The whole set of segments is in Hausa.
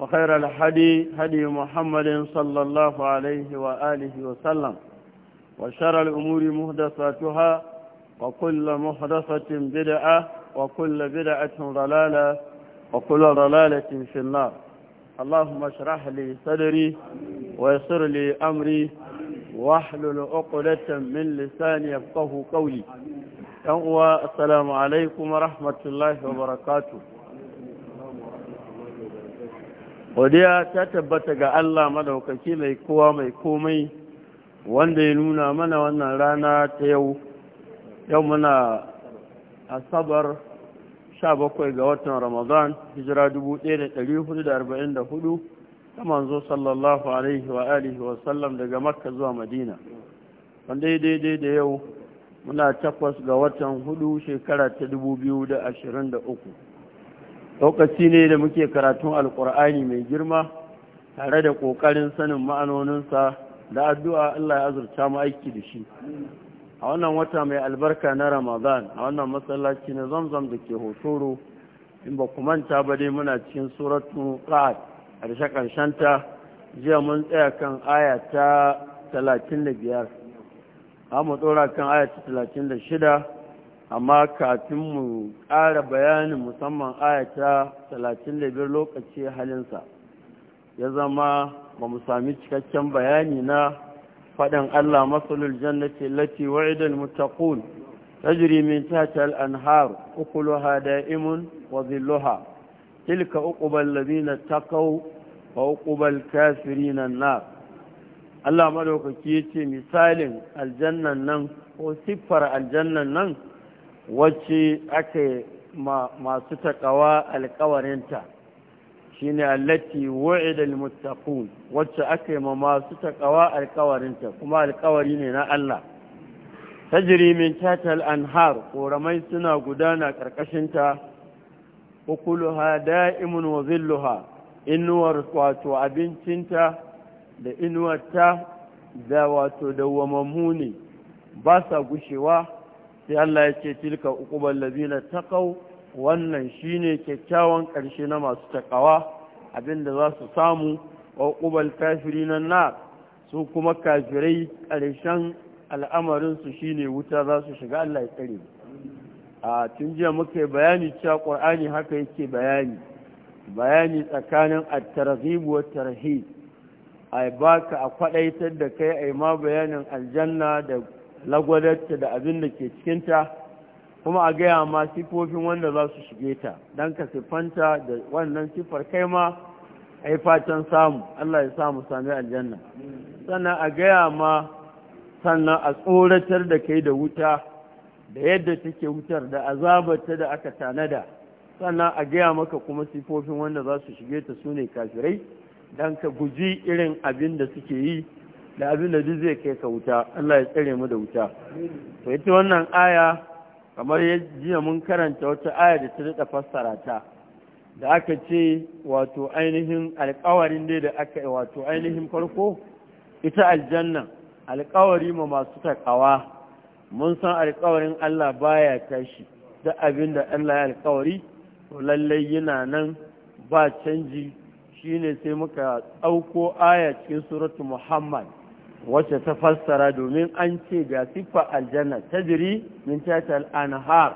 وخير الحدي هدي محمد صلى الله عليه وآله وسلم وشر الأمور مهدفاتها وكل مهدفة بدعة وكل بدعة ضلالة وكل ضلالة في النار اللهم اشرح لي صدري ويسر لي أمري واحلل عقدة من لساني يفقه قولي السلام عليكم ورحمة الله وبركاته godiya ta tabbata ga Allah madaukaki mai kowa mai komai wanda ya nuna mana wannan rana ta yau yau muna asabar 17 ga watan ramadan hijira 1444 ta manzo sallallahu alaihi wa alihi wa sallam daga makka zuwa madina wanda ya daidai da yau muna takwas ga watan hudu shekara ta 2023 lokaci ne da muke karatun alkur'ani mai girma tare da kokarin sanin ma'anoninsa da addu'a Allah ya azurta mu aiki da shi a wannan wata mai albarka na ramadan a wannan masallaci na zamzam da ke hotoro in ba ku manta ba dai muna cikin suratu ra'ad ƙarshe ta jiya mun tsaya kan aya ta 35 amu mu tsora kan aya ta 36 amma kafin mu ƙara bayanin musamman ayata talatin da 35 lokaci halinsa ya zama ba mu sami cikakken bayani na faɗin Allah masalul jannati lati wa'idal mutaqun tajri min tahtiha al-anhar ukuluha da'imun wa dhilluha tilka uqbal ladina taqaw wa uqbal kafirin an-nar Allah madaukaki yace misalin aljannan nan ko siffar aljannan nan wacce aka masu taƙawa alƙawarinta shi ne allati wa'idal muttaqun wacce aka ma masu taƙawa alƙawarinta kuma alƙawari ne na Allah tajri min tatal anhar ƙoramai suna gudana ƙarƙashinta ukuluha da'imun wa zilluha inuwar wato abincinta da inuwarta da wato dawwamammu ne ba sa gushewa sai Allah ya ce tilka uqubal ladina taqaw wannan shine kyakkyawan ƙarshe na masu takawa abinda za su samu wa uqubal kafirin na su kuma kafirai karshen al'amarin su shine wuta za su shiga Allah ya tsare a tun jiya muka bayani cewa Qur'ani haka yake bayani bayani tsakanin at-targhib wa tarhib ai baka a kwadaitar da kai ai ma bayanin aljanna da lagwadarta da abin da ke cikinta kuma a gaya ma sifofin wanda za su shige ta don ka siffanta da wannan siffar kai ma a yi fatan samu Allah ya samu sami aljanna sannan a gaya ma sannan a tsoratar da kai da wuta da yadda take wutar da azabarta da aka tanada sannan a gaya maka kuma sifofin wanda za su shige ta su ne kafirai don ka guji irin abin da suke yi da abin da duk zai kai ka wuta Allah ya tsare mu da wuta to ita wannan aya kamar jiya mun karanta wata aya da ta daɗa fassara ta da aka ce wato ainihin alƙawarin dai da aka wato ainihin farko ita aljanna alƙawari ma masu takawa mun san alƙawarin Allah baya tashi da abin da Allah ya alkawari to lallai yana nan ba canji shine sai muka ɗauko aya cikin suratu Muhammad wacce ta fassara domin an ce ga siffa aljanna ta jiri min tatal anhar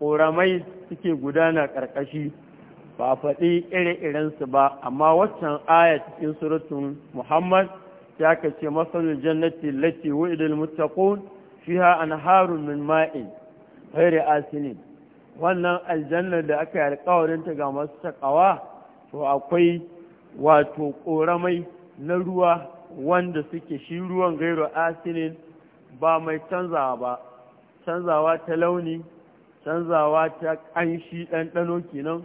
ƙoramai suke gudana ƙarƙashi ba a faɗi ire-irensu ba amma waccan aya cikin suratun muhammad ta ka ce masalul jannati lati wa'idul muttaqun fiha anharun min ma'in ghairi asinin wannan aljanna da aka yi alƙawarin ta ga masu takawa to akwai wato ƙoramai na ruwa wanda suke shi ruwan gairo asinin ba mai canzawa ba canzawa ta launi canzawa ta ƙanshi ɗanɗano kenan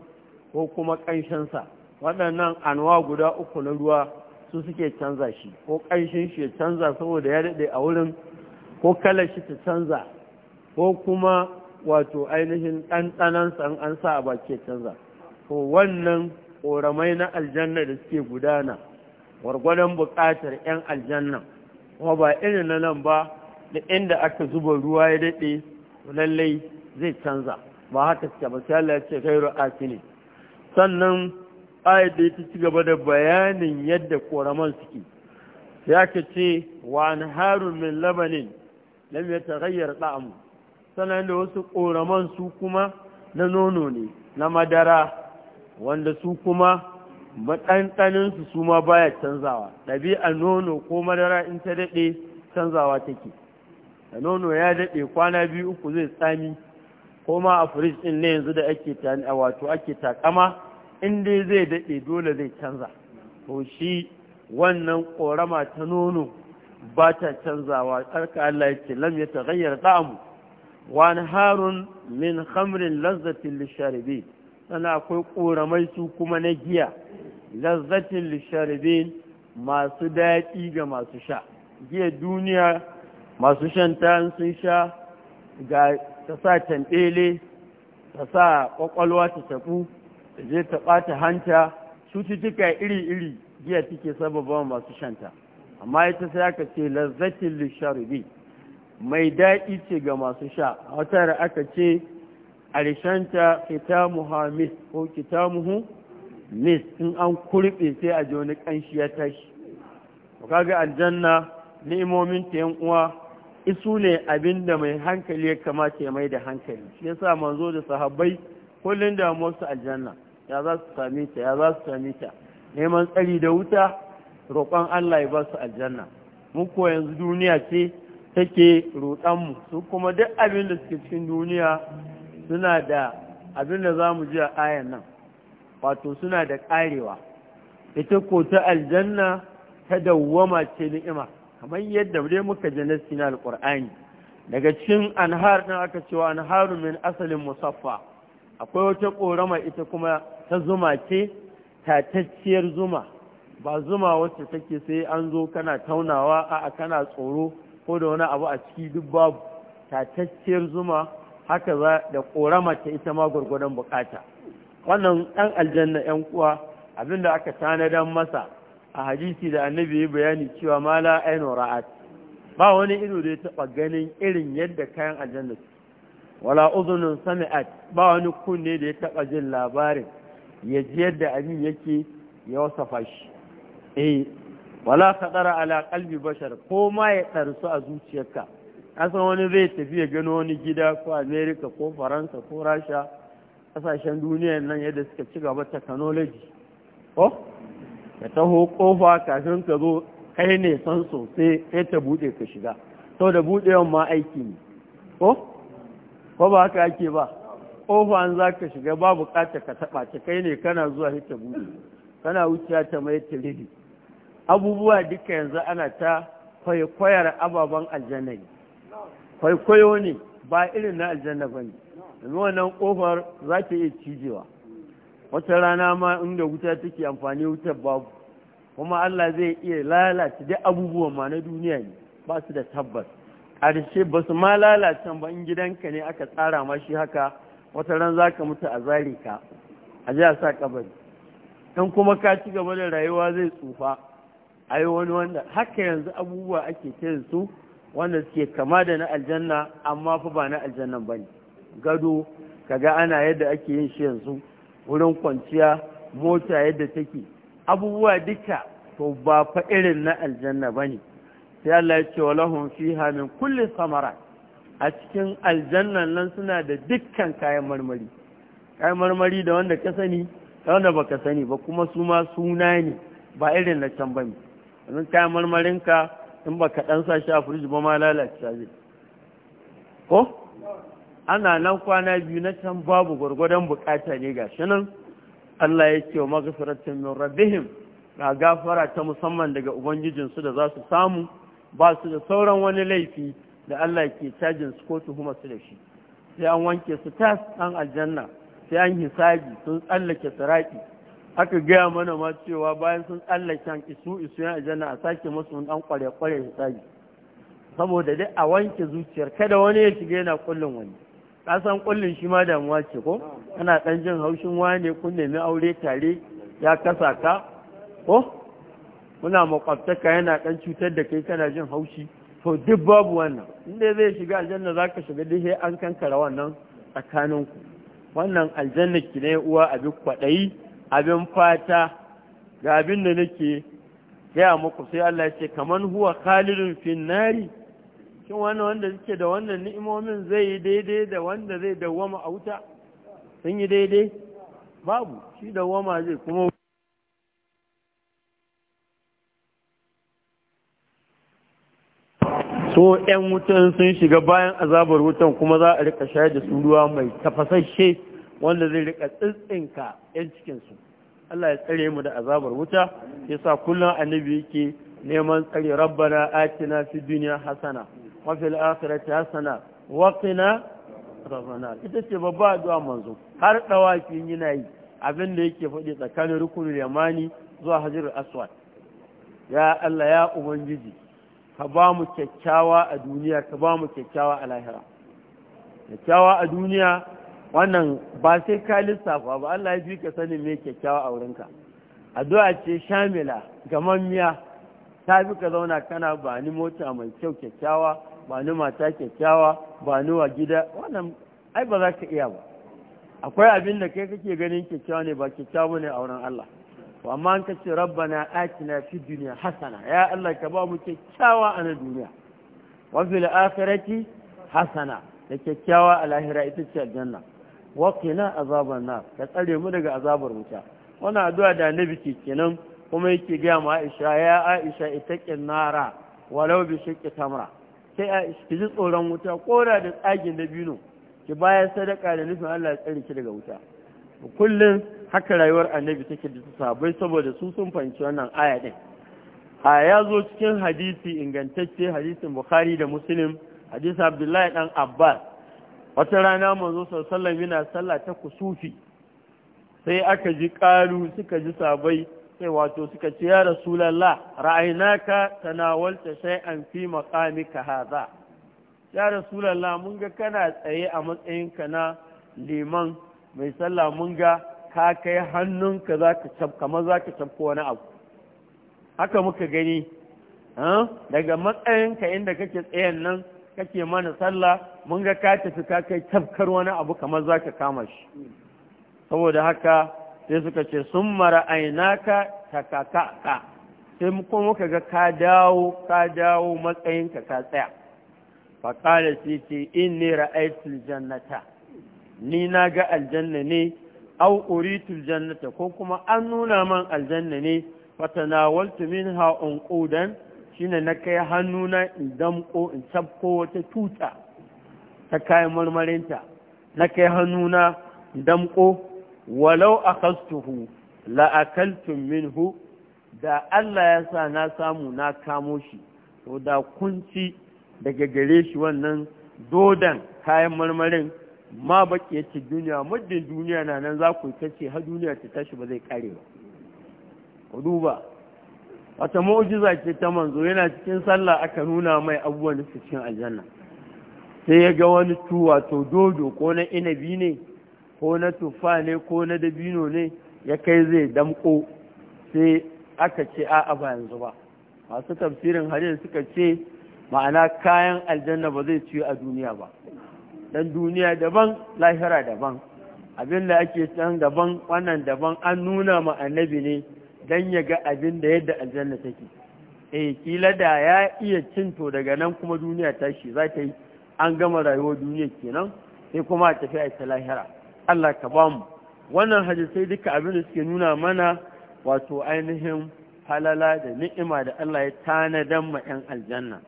ko kuma ƙanshinsa waɗannan anwa guda uku na ruwa su suke canza shi ko ƙanshin shi ya canza saboda ya daɗe a wurin ko kalar shi ta canza ko kuma wato ainihin ɗanɗanansa in an sa a baki canza Ko wannan ƙoramai na aljanna da suke gudana gwargwadon buƙatar 'yan aljanna kuma ba irin na nan ba da inda aka zuba ruwa ya daɗe lallai zai canza ba haka suke ba Allah ya ce gairu ne sannan ayat da ya ci gaba da bayanin yadda koraman suke ya ka ce wa Harun min labanin lam yataghayyar ɗa'amu sannan da wasu koraman su kuma na nono ne na madara wanda su kuma matsantsaninsu su ma baya canzawa ɗabi'a nono ko madara in ta daɗe canzawa take da nono ya daɗe kwana biyu uku zai tsami ko ma a firij ɗin na yanzu da ake wato ake takama in dai zai daɗe dole zai canza to shi wannan ƙorama ta nono ba ta canzawa tsarka Allah ya ce lam ya tagayyar ta'amu wani harun min hamrin lazzatin lisharibi sana akwai ƙoramai su kuma na giya lazzatin lisharibin masu daɗi ga masu sha giya duniya masu shanta sun sha ga ta sa tambele ta sa ƙwaƙwalwa ta taɓu ta je ta ɓata hanta cututtuka iri-iri giya take sababa masu shanta amma ita sai aka ce lazzatin lisharibin mai daɗi ce ga masu sha a wata aka ce a rishanta fita muhammed ko kita muhu mis in an kurɓe sai a ji wani ƙanshi ya tashi kaga aljanna ni'imomin ta yan uwa isu ne abin da mai hankali ya kamata ya mai da hankali shi yasa manzo da sahabbai kullun da su aljanna ya za su sami ta ya za su sami ta neman tsari da wuta roƙon Allah ya ba su aljanna mu ko yanzu duniya ce take roƙon mu su kuma duk abinda suke cikin duniya suna da abinda da za mu ji a ayan nan wato suna da ƙarewa ita ko ta aljanna ta dawwama ce ni'ima kamar yadda dai muka ji na na alƙur'ani daga cikin anhar ɗin aka cewa anharu min asalin musaffa akwai wata ƙorama ita kuma ta zuma ce tatacciyar zuma ba zuma wacce take sai an zo kana taunawa a'a kana tsoro ko da wani abu a ciki duk babu tatacciyar zuma haka za da ƙorama ta ita ma gwargwadon bukata wannan ɗan aljanna ‘yan kuwa abinda aka tanadan masa a hadisi da annabi ya bayani cewa mala aino ra'at ba wani ido da ya taɓa ganin irin yadda kayan aljanna su wala uzunin sami'at ba wani kunne da ya taɓa jin labarin ya ji yadda abin yake ya wasafa shi eh wala kaɗara ala bashar ko ma ya ɗarsu a zuciyarka asan wani zai tafi ya gano wani gida ko Amerika ko faransa ko rasha kasashen duniyar nan yadda suka ci gaba technology ko ka taho kofa kafin ka zo kai ne san sosai sai ta bude ka shiga sau da budewan ma aiki ne ko ko ba haka ake ba kofa an za ka shiga ba bukatar ka taba ta kai ne kana zuwa sai ta bude kana wuciya ta mai tiriri abubuwa duka yanzu ana ta kwaikwayar ababen aljanna kwaikwayo ne ba irin na aljanna ba domin wannan kofar za ta iya cijewa wata rana ma inda wuta take amfani wutar babu kuma Allah zai iya lalata duk abubuwan ma na duniya ne ba su da tabbas ƙarshe ba su ma lalata ba in gidanka ne aka tsara ma shi haka wata ran za ka mutu a zare ka a ji a sa kabari dan kuma ka ci gaba da rayuwa zai tsufa a yi wani wanda haka yanzu abubuwa ake ta su wanda suke kama da na aljanna amma fa ba na aljannan ba ne gado kaga ana yadda ake yin shi yanzu wurin kwanciya mota yadda take abubuwa duka to ba fa irin na aljanna bane sai Allah ya ce wa lahum fiha min kulli samarat a cikin aljanna nan suna da dukkan kayan marmari kayan marmari da wanda ka sani da wanda baka sani ba kuma su ma suna ne ba irin na can bane Wannan kayan ka in baka dan sa shi a firiji ba ma lalace ko ana nan kwana biyu na can babu gwargwadon bukata ne ga shi nan Allah ya ce wa magfiratun min rabihim ga gafara ta musamman daga ubangijinsu da za su samu ba su da sauran wani laifi da Allah ke cajin su ko tuhuma su da shi sai an wanke su tas an aljanna sai an hisabi sun tsallake saraki aka gaya mana ma cewa bayan sun tsallake an isu isu yan aljanna a sake musu dan kware kware hisabi saboda dai a wanke zuciyar kada wani ya shiga yana kullum wani kasan kullun shi ma damuwa ce ko ana ɗan jin haushin wane kun nemi aure tare ya kasa ka ko muna makwabtaka yana ɗan cutar da kai kana jin haushi to duk babu wannan inda zai shiga aljanna zaka ka shiga duk an kankara wannan ku wannan aljanna ki ne uwa abin kwaɗayi abin fata ga abin da nake gaya muku sai Allah ya ce kaman huwa khalidun fi nari shin wannan wanda suke da wannan ni'imomin zai yi daidai da wanda zai dawwama a wuta sun yi daidai babu shi dawwama zai kuma so 'yan wutan sun shiga bayan azabar wutan kuma za a rika shayar da su ruwa mai tafasashe wanda zai rika tsintsinka 'yan cikinsu Allah ya tsare mu da azabar wuta yasa kullum annabi yake neman tsare rabbana atina fi duniya hasana وفي الآخرة حسنة وقنا Ita ce babba addu'a manzo har ɗawafi yana yi abin da yake faɗi tsakanin rukunin yamani zuwa hajarul aswad ya Allah ya ubangiji ka ba mu kyakkyawa a duniya ka ba mu kyakkyawa a lahira kyakkyawa a duniya wannan ba sai ka lissafa ba Allah ya fi ka sani me kyakkyawa a wurinka addu'a ce shamila gamammiya ta fi ka zauna kana ba ni mota mai kyau kyakkyawa ba ni mata kyakkyawa ba ni wa gida wannan ai ba za ka iya ba akwai abin da kai kake ganin kyakkyawa ne ba kyakkyawa ne a wurin Allah to amma an kace rabbana atina fi dunya hasana ya Allah ka ba mu kyakkyawa a na duniya wa fil akhirati hasana da kyakkyawa a lahira ita ce aljanna wa qina azaban nar ka tsare mu daga azabar wuta wannan addu'a da annabi ke kenan kuma yake ga mu Aisha ya Aisha itaqin nara walau bi shiqqi tamra sai a ki ji tsoron wuta kora da tsagin da bino ki bayan sadaka da nufin Allah ya tsare ki daga wuta kullum haka rayuwar annabi take da sabai saboda su sun fahimci wannan aya din a ya zo cikin hadisi ingantacce hadisin bukhari da muslim hadisi abdullahi dan abbas wata rana manzo sallallahu alaihi wasallam yana sallah ta kusufi sai aka ji karu suka ji sabai sai wato suka ce ya rasulallah ra'ainaka tanawalta shay'an fi maqamika hadha ya rasulallah mun ga kana tsaye a matsayinka na liman mai sallah mun ga ka kai hannunka zaka tab kamar zaka wani abu haka muka gani daga matsayinka inda kake tsayen nan kake mana sallah mun ga ka tafi ka kai tafkar wani abu kamar zaka kama shi saboda haka sai suka ce sun mara ka takakaka sai kuma muka ga ka dawo ka dawo matsayinka ka tsaya faƙala sai ce in ne ra'aitul jannata ni na ga aljanna ne au uritul jannata ko kuma an nuna man aljanna ne fatanawaltu minha unqudan shine na kai hannuna in damƙo in tabko wata tuta ta kayan marmarinta na kai hannuna in damko walau akastuhu la'akaltun minhu da Allah ya sa na samu na kamo shi to da kunci daga gare shi wannan dodan kayan marmarin ma baki yace duniya muddin duniya na nan za ku ta ce har duniya ta tashi ba zai kare ba ku duba wata mu'jiza ce ta manzo yana cikin sallah aka nuna mai abubuwan da cikin aljanna sai ya ga wani tuwa to dodo ko na inabi ne ko na tufa ne ko na dabino ne ya kai zai damko sai aka ce a ba yanzu ba masu tafsirin hadin suka ce ma'ana kayan aljanna ba zai ci a duniya ba dan duniya daban lahira daban abin da ake san daban wannan daban an nuna ma annabi ne dan ya ga abin da yadda aljanna take eh kila da ya iya cinto daga nan kuma duniya tashi za ta yi an gama rayuwar duniya kenan sai kuma a tafi a ta lahira Allah ka ba mu wannan hadisai duka abin da suke nuna mana wato ainihin halala da ni'ima da Allah ya tanadan ma 'yan aljanna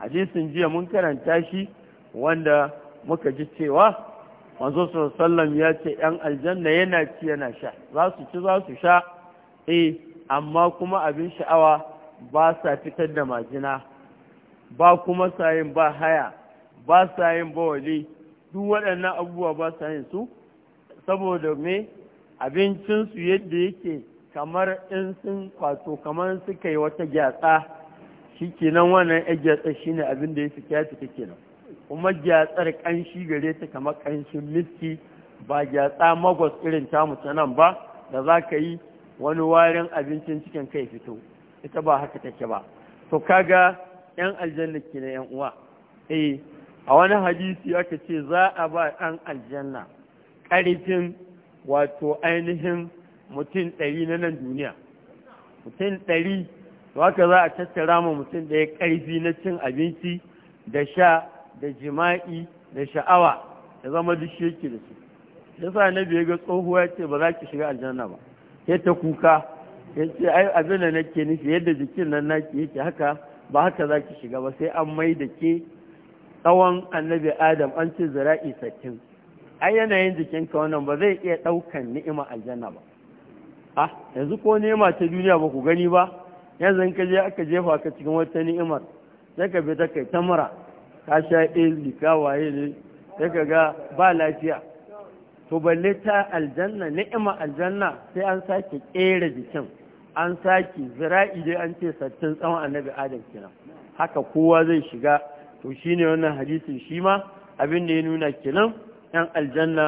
hadisin jiya mun karanta shi wanda muka ji cewa manzo sallam ya ce 'yan aljanna yana ci yana sha za su ci za su sha eh amma kuma abin sha'awa ba sa fitar da majina ba kuma sayin ba haya ba sayin bawali duk waɗannan abubuwa ba sayin su saboda me abincinsu yadda yake kamar in sun kwato kamar suka yi wata gyatsa shi kenan wannan ya gyatsa shi ne abin da ya fita ya fita kenan kuma gyatsar ƙanshi gare ta kamar ƙanshin miski ba gyatsa magwas irin tamu ta nan ba da za ka yi wani warin abincin cikin kai fito ita ba haka take ba to kaga yan aljanna ke na yan uwa eh a wani hadisi aka ce za a ba ɗan aljanna ƙarfin wato ainihin mutum ɗari na nan duniya mutum ɗari haka za a tattara ma mutum ɗaya ƙarfi na cin abinci da sha da jima'i da sha'awa da zama duk sheki da su sa na biya ga tsohuwa ya ce ba za ki shiga aljanna ba ya ta kuka ya ce ai abin da nake nufi yadda jikin nan naki yake haka ba haka za ki shiga ba sai an mai da ke tsawon annabi adam an ce zira'i sakin a yanayin jikinka wannan ba zai iya ɗaukan ni'ima aljanna ba a ah, yanzu ko nema ta duniya ba ku gani ba yanzu ka je aka jefa ka cikin wata ni'imar sai ka bi ta kai ta mura ka sha ɗaya lika waye ne sai ka ga ba lafiya to balle ta aljanna ni'ima aljanna sai an sake ƙera jikin an sake zira'i dai an ce sattin tsawon annabi adam kenan haka kowa zai shiga to shine wannan hadisin shi ma abin da ya nuna kenan ‘yan aljanna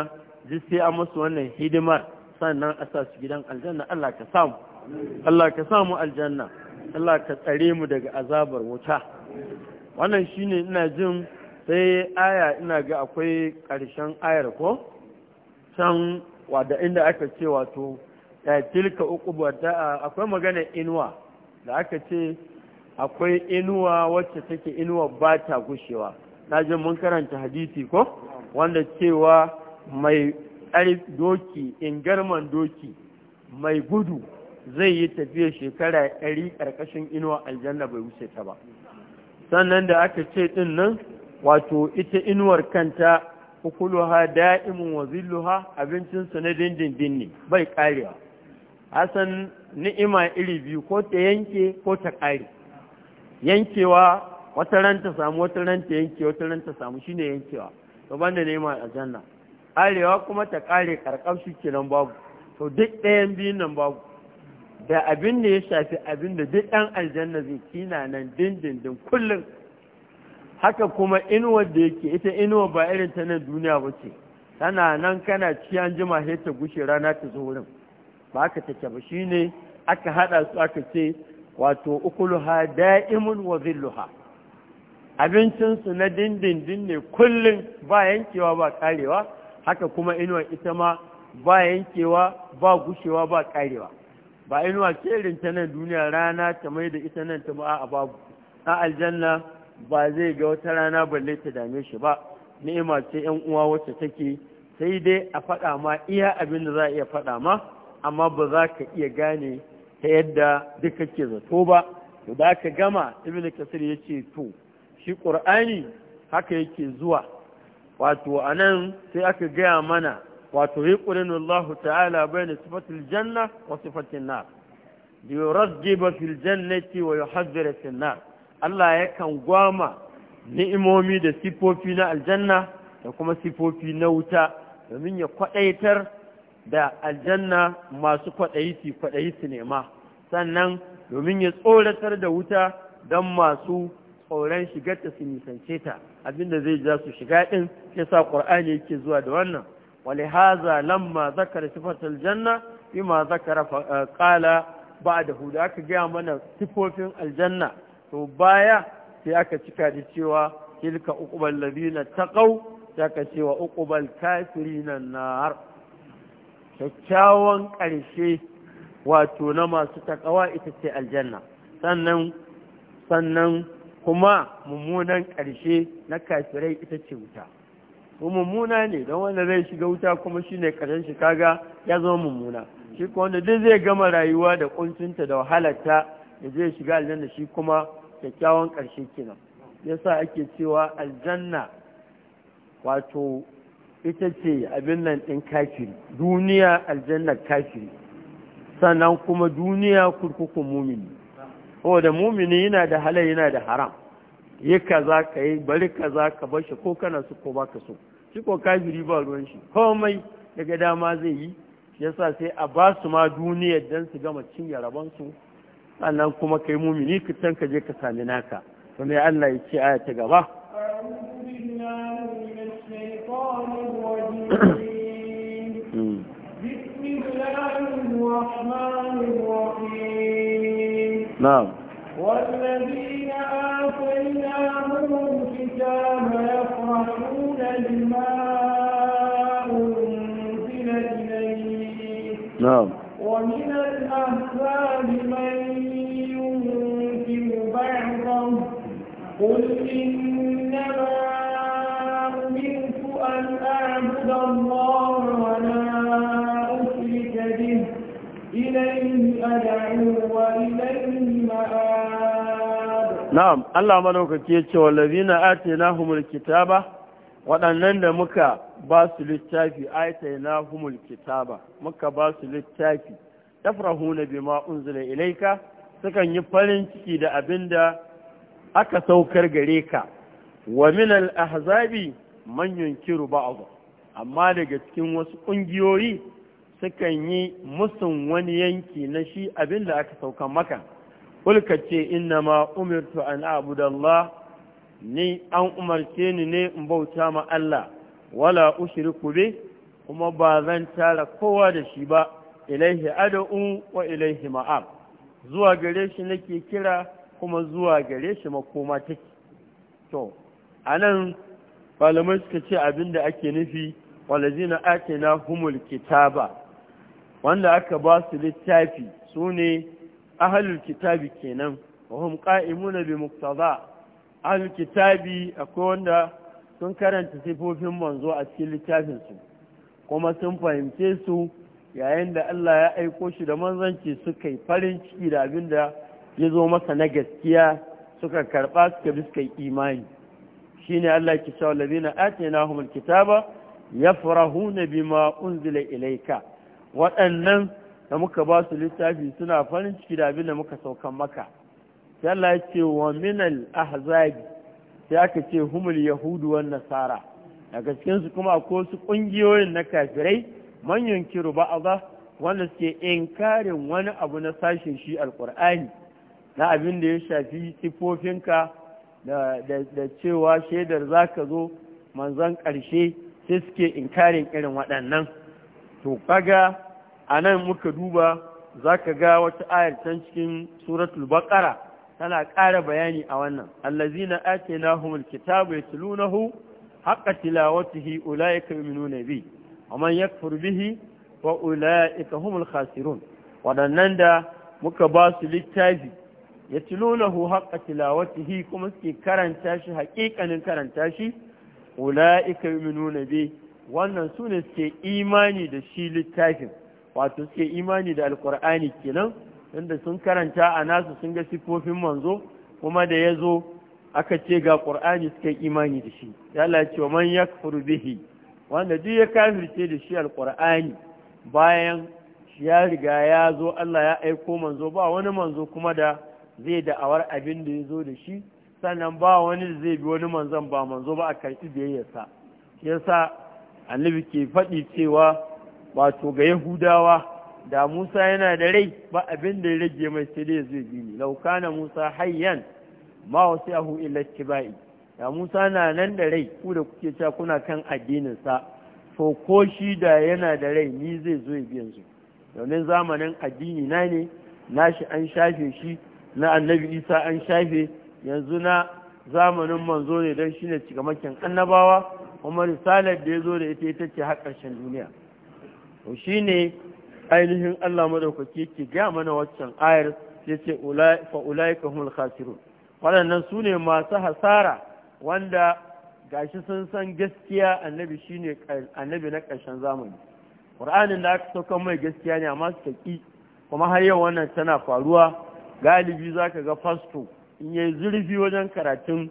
duk sai an masu wannan hidimar sannan a sa su gidan aljanna Allah ka samu Allah ka samu aljanna Allah ka tsare mu daga azabar wuta wannan shine ina jin sai aya ina ga akwai ƙarshen ayar ko can wada inda aka ce wato ya tilka uku akwai magana inuwa da aka ce akwai inuwa wacce take inuwa ba ta gushewa na jin mun karanta hadisi ko wanda cewa mai doki in garman doki mai gudu zai yi tafiya shekara ɗari ƙarƙashin inuwa aljanna bai wuce ta ba sannan da aka ce ɗin nan wato ita inuwar kanta ukuluha da'imun wa abincinsu na dindindin ne bai ƙarewa hasan ni'ima iri biyu ko ta yanke ko ta ƙare yankewa wata ranta samu wata ranta yanke wata ranta samu shine yankewa to banda neman aljanna arewa kuma ta kare karkam kinan kenan babu to duk ɗayan biyun nan babu da abin da ya shafi abin da duk ɗan aljanna zai kina nan dindindin kullum haka kuma inuwa da yake ita inuwa ba irin ta nan duniya ba ce tana nan kana ci an jima sai ta gushe rana ta zo wurin ba ta take ba shine aka haɗa su aka ce wato ukuluha da'imun wa zilluha abincinsu na dindindin ne kullum ba yankewa ba karewa haka kuma inuwa ita ma ba yankewa ba gushewa ba karewa ba inuwa ke irin ta nan duniya rana ta mai da ita nan ta ba a babu na aljanna ba zai ga wata rana balle ta dame shi ba ni'ima ce yan uwa wacce take sai dai a faɗa ma iya abin da za a iya faɗa ma amma ba za ka iya gane ta yadda duk kake zato ba to da aka gama ibnu kasir ya ce to shi ƙur'ani haka yake zuwa wato a nan sai aka gaya mana wato yi ta'ala bai na sifatul janna wa sifatin na da yi rasgiba fil jannati wa yi hajjara fil Allah yakan gwama ni'imomi da sifofi na aljanna da kuma sifofi na wuta domin ya kwaɗaitar da aljanna masu kwaɗayi su nema sannan domin ya tsoratar da wuta don masu tsoron shigar ta su nisance ta abinda zai ja su shiga din sa ƙwar'ani yake zuwa da wannan lamma لما ذكر صفة fi ma ذكر kala ba da hudu aka gaya mana sifofin aljanna to baya sai aka cika da cewa tilka uqbal ladina taqaw aka cewa uqbal kafirina nar kyakkyawan ƙarshe wato na masu taƙawa ita ce aljanna sannan sannan kuma mummunan ƙarshe na kafirai ita ce wuta ko mummuna ne don wanda zai shiga wuta kuma shine ƙarshen shi kaga ya zama mummuna shi kuma wanda duk zai gama rayuwa da ƙuncinta da wahalarta da zai shiga aljanna shi kuma kyakkyawan ƙarshe kenan yasa ake cewa aljanna wato ita ce abin nan ɗin kafiri duniya Aljanna kafiri sannan kuma duniya kurkukun mumini saboda mumini yana da halayya yana da haram yi ka za ka yi bari ka za ka bar shi ko kana so ko baka so shi ko kafiri ba ruwan shi komai daga dama zai yi yasa sai a ba su ma duniya dan su gama cin yaraban su sannan kuma kai mumini ka can ka je ka sami naka to mai Allah ya ce aya ta gaba نعم والذين آتيناهم الكتاب يفرحون بما أنزل إليه نعم ومن الأحزاب من ينكر بعضه قل إن na'am Allah madaukaki ya ce wallazina atainahumul kitaba waɗannan da muka ba su littafi atainahumul kitaba muka ba su littafi na bima unzila ilaika sukan yi farin ciki da abin da aka saukar gare ka wa min al ahzabi man yunkiru ba'd amma daga cikin wasu kungiyoyi sukan yi musun wani yanki na shi abin da aka sauka maka kulka ce inna ma umirtu an abudallah ni an umarce ni ne in bauta ma Allah wala ushriku bi kuma ba zan tara kowa da shi ba ilaihi ad'u wa ilaihi ma'ab zuwa gare shi nake kira kuma zuwa gare shi makoma take to anan malamai suka ce abinda ake nufi walazina atina humul kitaba wanda aka ba su littafi su ne ahalul kitabi kenan wahum qa'imuna bi muqtada ahalul kitabi akwai wanda sun karanta sifofin manzo a cikin littafinsu, kuma sun fahimce su yayin da Allah ya aiko shi da manzanci suka yi farin ciki da abin da ya zo masa na gaskiya suka karɓa suka bi suka yi imani shine Allah ki sa wallazina atainahumul kitaba yafrahuna bima unzila ilaika. waɗannan da muka ba su littafi suna farin ciki da abin da muka saukan maka sai Allah ya ce wa minal ahzabi sai aka ce humul yahudu wan nasara daga cikin su kuma ko su kungiyoyin na kafirai man yunkiru ba'dha wanda suke inkarin wani abu na sashin shi alqur'ani na abin da ya shafi sifofinka da cewa shaidar za ka zo manzon ƙarshe sai suke inkarin irin waɗannan to kaga a nan muka duba za ka ga wata ayar can cikin suratul baƙara tana ƙara bayani a wannan na na allazina atainahumul kitaba yatlunahu haqqa tilawatihi ulaika na bi wa man furbi hi wa ulaika humul khasirun Waɗannan da muka ba su littafi ya na hu yatlunahu haqqa hi kuma suke karanta shi haƙiƙanin karanta shi ulaika na bi wannan su ne suke imani da shi littafin wato suke imani da alkur'ani kenan inda sun karanta a nasu sun ga sifofin manzo kuma da ya zo aka ce ga ƙur'ani suka yi imani da shi yala ce wa man yakfuru bihi wanda duk ya kafirce da shi alkur'ani bayan ya riga ya zo Allah ya aiko manzo ba wani manzo kuma da zai da'awar abin da ya zo da shi sannan ba wani da zai bi wani manzon ba manzo ba a karɓi biyayyarsa shi yasa annabi ke faɗi cewa wato ga yahudawa da musa yana da rai ba abin da ya rage mai sai dai zai bi ni na musa hayyan ma wasu yahu illa tibai da musa na nan da rai ku da kuke cewa kuna kan addinin sa to ko shi da yana da rai ni zai zo ya yanzu domin zamanin addini na ne nashi an shafe shi na annabi isa an shafe yanzu na zamanin manzo ne don shine cikamakin annabawa kuma risalar da ya zo da ita ita ce har ƙarshen duniya to shine ainihin Allah madaukaki yake ga mana waccan ayar sai ce fa ulaika khasirun waɗannan su ne masu hasara wanda gashi sun san gaskiya annabi shine annabi na ƙarshen zamani ƙur'anin da aka sauka mai gaskiya ne amma suka ƙi kuma har yau wannan tana faruwa galibi za ka ga fasto in yi zurfi wajen karatun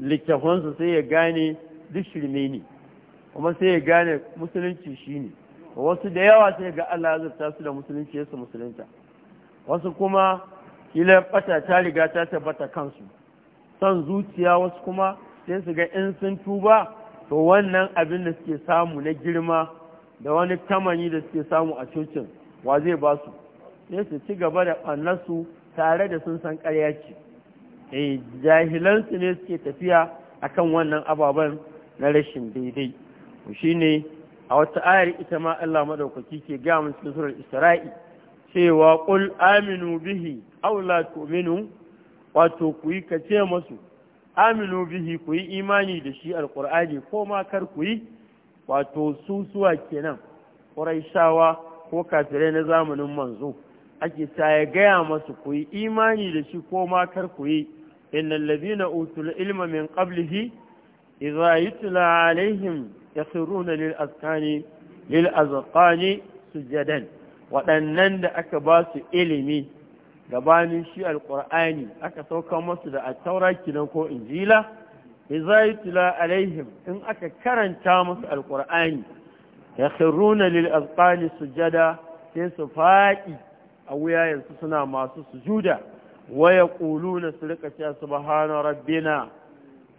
littafansu sai ya gane duk shirme ne kuma sai ya gane musulunci shi ne wasu da yawa sai ga Allah ya zarta su da musulunci su musulunta wasu kuma kila bata ta riga ta tabbata kansu San zuciya wasu kuma sai su ga in sun tuba to wannan abin da suke samu na girma da wani tamani da suke samu a cocin wa zai ba su sai su ci gaba da ɓannarsu tare da sun san ƙarya ce eh jahilansu ne suke tafiya akan wannan ababen na rashin daidai shi ne a wata ayar ita ma Allah madaukaki ke gaya mun cikin surar Isra'i cewa qul aminu bihi aw la tu'minu wato ku yi kace musu aminu bihi ku yi imani da shi alqur'ani ko ma kar ku yi wato susuwa kenan quraishawa ko kafirai na zamanin manzo ake ta ya gaya masu ku yi imani da shi ko ma kar ku yi innal ladina utul ilma min qablihi idza yutla alaihim yakhruna lil azqani lil azqani sujadan waɗannan da aka ba su ilimi gabanin shi alqur'ani aka sauka musu da at-taura kinan ko injila izaitila alaihim in aka karanta musu alqur'ani yakhruna lil azqani sujada sai su fadi a wuyayensu suna masu sujuda waya ƙuluna su subhana rabbina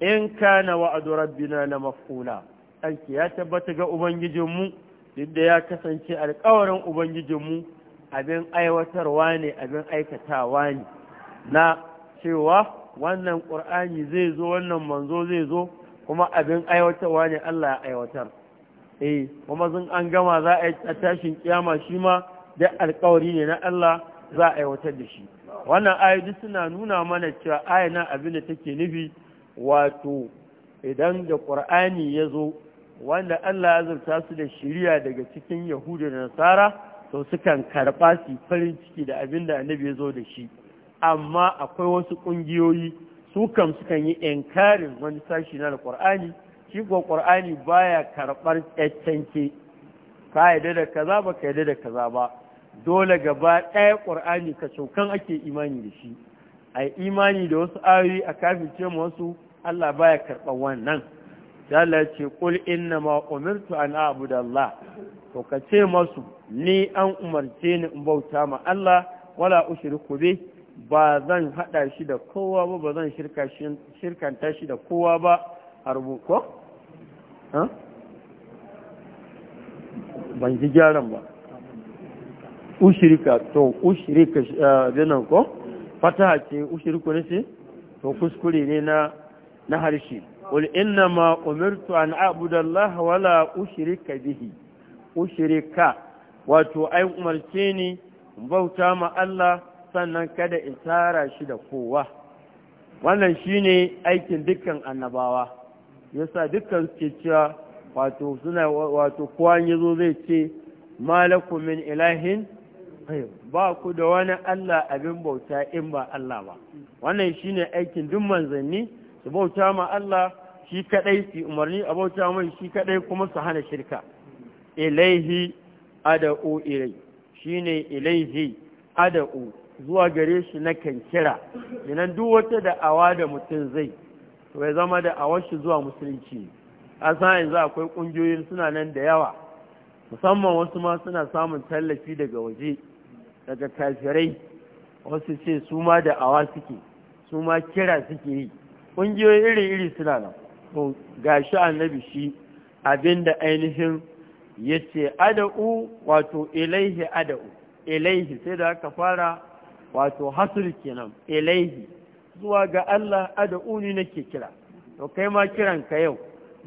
in kana wa'adu rabbina la maf'ula tsarki ya tabbata ga ubangijinmu duk da ya kasance alkawarin ubangijinmu abin aiwatarwa ne abin aikatawa ne na cewa wannan ƙur'ani zai zo wannan manzo zai zo kuma abin aiwatarwa ne Allah ya aiwatar eh kuma sun an gama za a yi tashin kiyama shi ma da alkawari ne na Allah za a aiwatar da shi wannan ayoyi suna nuna mana cewa ayana abin da take nufi wato idan da ƙur'ani ya zo wanda Allah ya zarta su da shirya daga cikin Yahudu da Nasara to sukan karɓa su farin ciki da abin da annabi ya zo da shi amma akwai wasu ƙungiyoyi su kam sukan yi inkarin wani sashi na alƙur'ani shi ko ƙur'ani baya karɓar tsaccanke ka yadda da kaza ba ka yadda da kaza ba dole gaba ɗaya ƙur'ani ka cokan ake imani da shi a imani da wasu ayoyi a kafin ce wasu Allah baya karɓar wannan Allah ce kul inna ma umirtu an a'budu Allah to ka ce masu ni an umarce ni in bauta ma Allah wala ushriku bi ba zan hada shi da kowa ba ba zan shirka shirkanta shi da kowa ba a rubuko ha ban ji gyaran ba ushirika to ushirika dinan eh, ko fataha ce ushiriku ne ce to kuskure ne na na harshe qul inna ma umirtu an Allah wala ushrika bihi ushrika wato ai umarce ni bauta ma Allah sannan kada in tara shi da kowa wannan shine aikin dukkan annabawa yasa dukkan ke cewa wato suna wato kowa yazo zai ce malakum min ilahin ba ku da wani Allah abin bauta in ba Allah ba wannan shine aikin duk manzanni su bauta ma Allah shi kadai su umarni a bauta mai shi kadai kuma su hana shirka ilaihi ada'u ilai ne ilaihi ada'u zuwa gare shi na kan kira idan duk wata da'awa da mutum zai to ya zama da'awar shi zuwa musulunci a za yanzu akwai ƙungiyoyin suna nan da yawa musamman wasu ma suna samun tallafi daga waje daga kafirai wasu ce su ma da'awa suke su ma kira suke yi ƙungiyoyi iri-iri suna nan to shi annabi shi abinda ainihin ya ce ada'u wato ilaihi ada'u ilaihi sai da aka fara wato hasr kenan ilaihi zuwa ga Allah ada'u ni nake kira to kai ma kiranka yau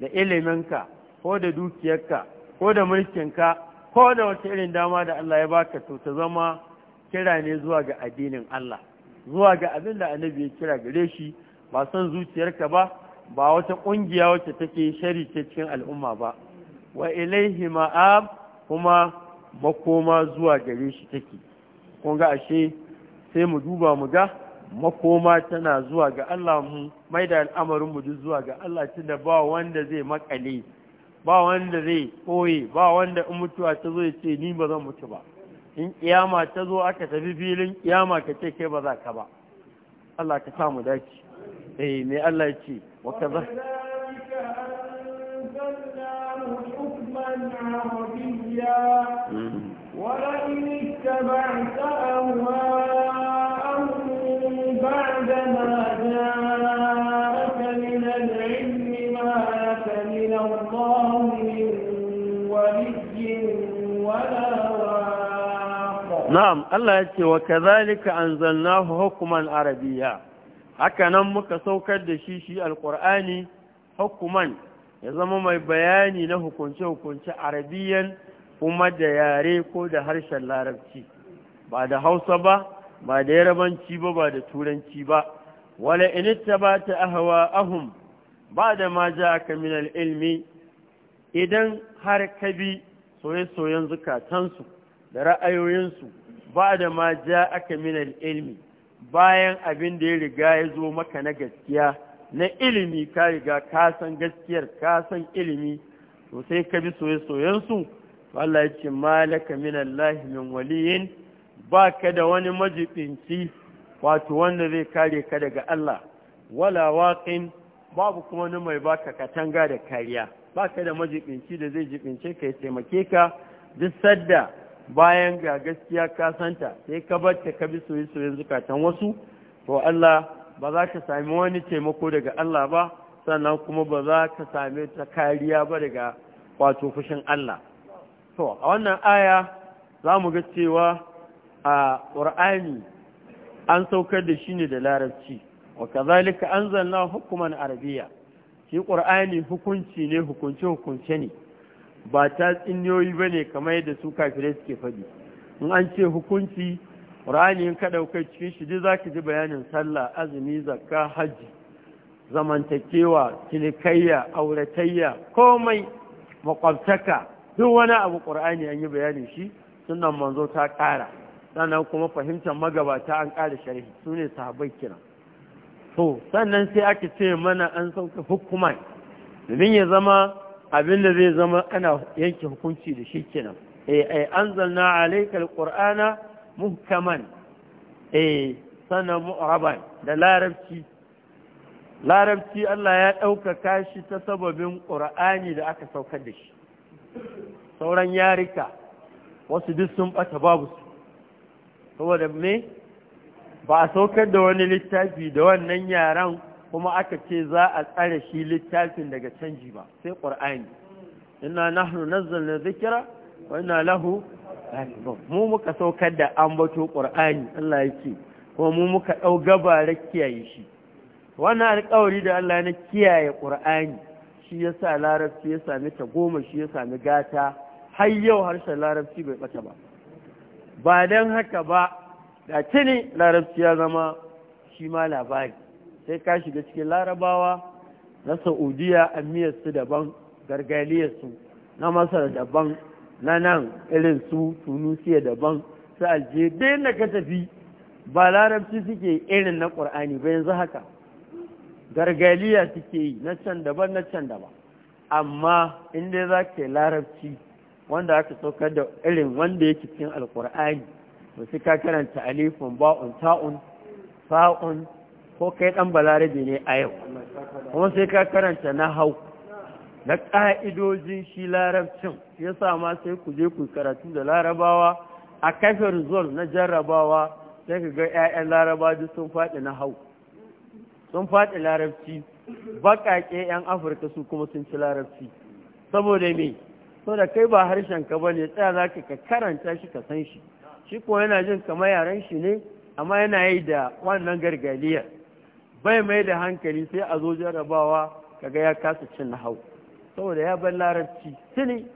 da iliminka ko da dukiyarka ko da mulkinka ko da wata irin dama da Allah ya baka to ta zama kira ne zuwa ga addinin Allah zuwa ga abin da annabi ya kira gare shi ba son zuciyarka ba ba wata ƙungiya wacce take shari ce cikin al'umma ba wa ilaihi ma'ab kuma makoma zuwa gare shi take kun ga ashe sai mu duba mu ga makoma tana zuwa ga Allah mu mai da al'amarin mu zuwa ga Allah da ba wanda zai makale ba wanda zai ɓoye ba wanda in mutuwa ta zo ce ni ba zan mutu ba in kiyama ta zo aka tafi filin kiyama ka ce kai ba za ka ba Allah ka samu dace اي me الله يجي وكذا ولئن اتبعت أهواءهم بعد ما جاءك من العلم ما لك من الله من ولي ولا واق نعم الله يقول وكذلك أنزلناه حكما عربيا haka nan muka saukar da shi shi alƙur'ani hukuman ya zama mai bayani na hukunce-hukunce arabiyan kuma da yare ko da harshen larabci ba da hausa ba ba da yarabanci ba ba da turanci ba wala inita ba ta ahawa ahun ba da ma ja aka minal ilmi idan har ka bi soye-soyen zukatansu da ra'ayoyinsu ba da ma ja aka minal ilmi bayan abin da ya riga ya zo maka na gaskiya na ilimi ka riga ka san gaskiyar ka san ilimi to sai ka bi soye-soyensu Allah ya ce malaka min Allah min waliyin ba ka da wani majibinci wato wanda zai kare ka daga Allah wala waqin babu kuma wani mai baka katanga da kariya ba ka da majibinci da zai jibince ka ya taimake ka duk sadda bayan ga gaskiya ka santa sai ka barta ka bi soyayyen zukatan wasu to Allah ba za ka sami wani taimako daga Allah ba sannan kuma ba za ka sami ta kariya ba daga wato fushin Allah to a wannan aya za mu ga cewa a ƙur'ani an saukar da shi ne da larabci wa kazalika anzalna hukuman arabiya shi ƙur'ani hukunci ne hukunce hukunce ne ba ta tsinniyoyi ba ne kamar yadda su kafirai suke faɗi in an ce hukunci rani in ka cikin shi duk za ka ji bayanin sallah azumi zakka hajji zamantakewa cinikayya auratayya komai makwabtaka duk wani abu ƙur'ani an yi bayanin shi sunan manzo ta ƙara sannan kuma fahimtar magabata an ƙara sharhi su ne sahabai kira to sannan sai aka ce mana an sauka hukuman domin ya zama Abin da zai zama ana yanke hukunci da shi kenan eh zanna eh, anzalna alayka alqur'ana muhkaman eh sana mu'raban da larabci larabci Allah ya ɗaukaka shi ta sababin ƙur'ani da aka saukar da shi sauran yarika wasu duk sun ɓata babu su saboda me ba a saukar da wani littafi da wannan yaran kuma aka ce za a tsare shi littafin daga canji ba sai ƙur'ani ina nahnu na zikira wa ina lahu mu muka saukar da ambato ƙur'ani Allah ce kuma mu muka ɗau gabara kiyaye shi wannan alƙawari da Allah na kiyaye ƙur'ani shi ya sa larabci ya sami ta goma shi ya sami gata har yau harshen larabci bai ɓata ba ba don haka ba da tuni larabci ya zama shi ma labari sai ka shiga cikin larabawa na saudiya su daban gargaliyarsu na masar daban na nan irin su tunusiya daban su algeria da ka tafi ba larabci suke irin na ƙur'ani ba yanzu haka gargaliya suke yi na can daban na can daban amma inda za ka yi larabci wanda aka saukar da irin wanda yake cikin alƙur'ani ba sai ka karanta alifun ba'un ta'un sa'un. ko kai ɗan balarabe ne a yau kuma sai ka karanta na hau na ƙa'idojin shi larabcin ya ma sai ku je ku karatu da larabawa a kafin rizol na jarrabawa sai ka ga 'ya'yan laraba ji sun faɗi na hau sun faɗi larabci baƙaƙe 'yan afirka su kuma sun ci larabci saboda me da kai ba harshen ka ba ne tsaya za ka karanta shi ka san shi shi ko yana jin kamar yaren shi ne amma yana yi da wannan gargaliyar bai mai da hankali sai a zo jarabawa kaga ya kasa cin hau saboda ya bar larabci tuni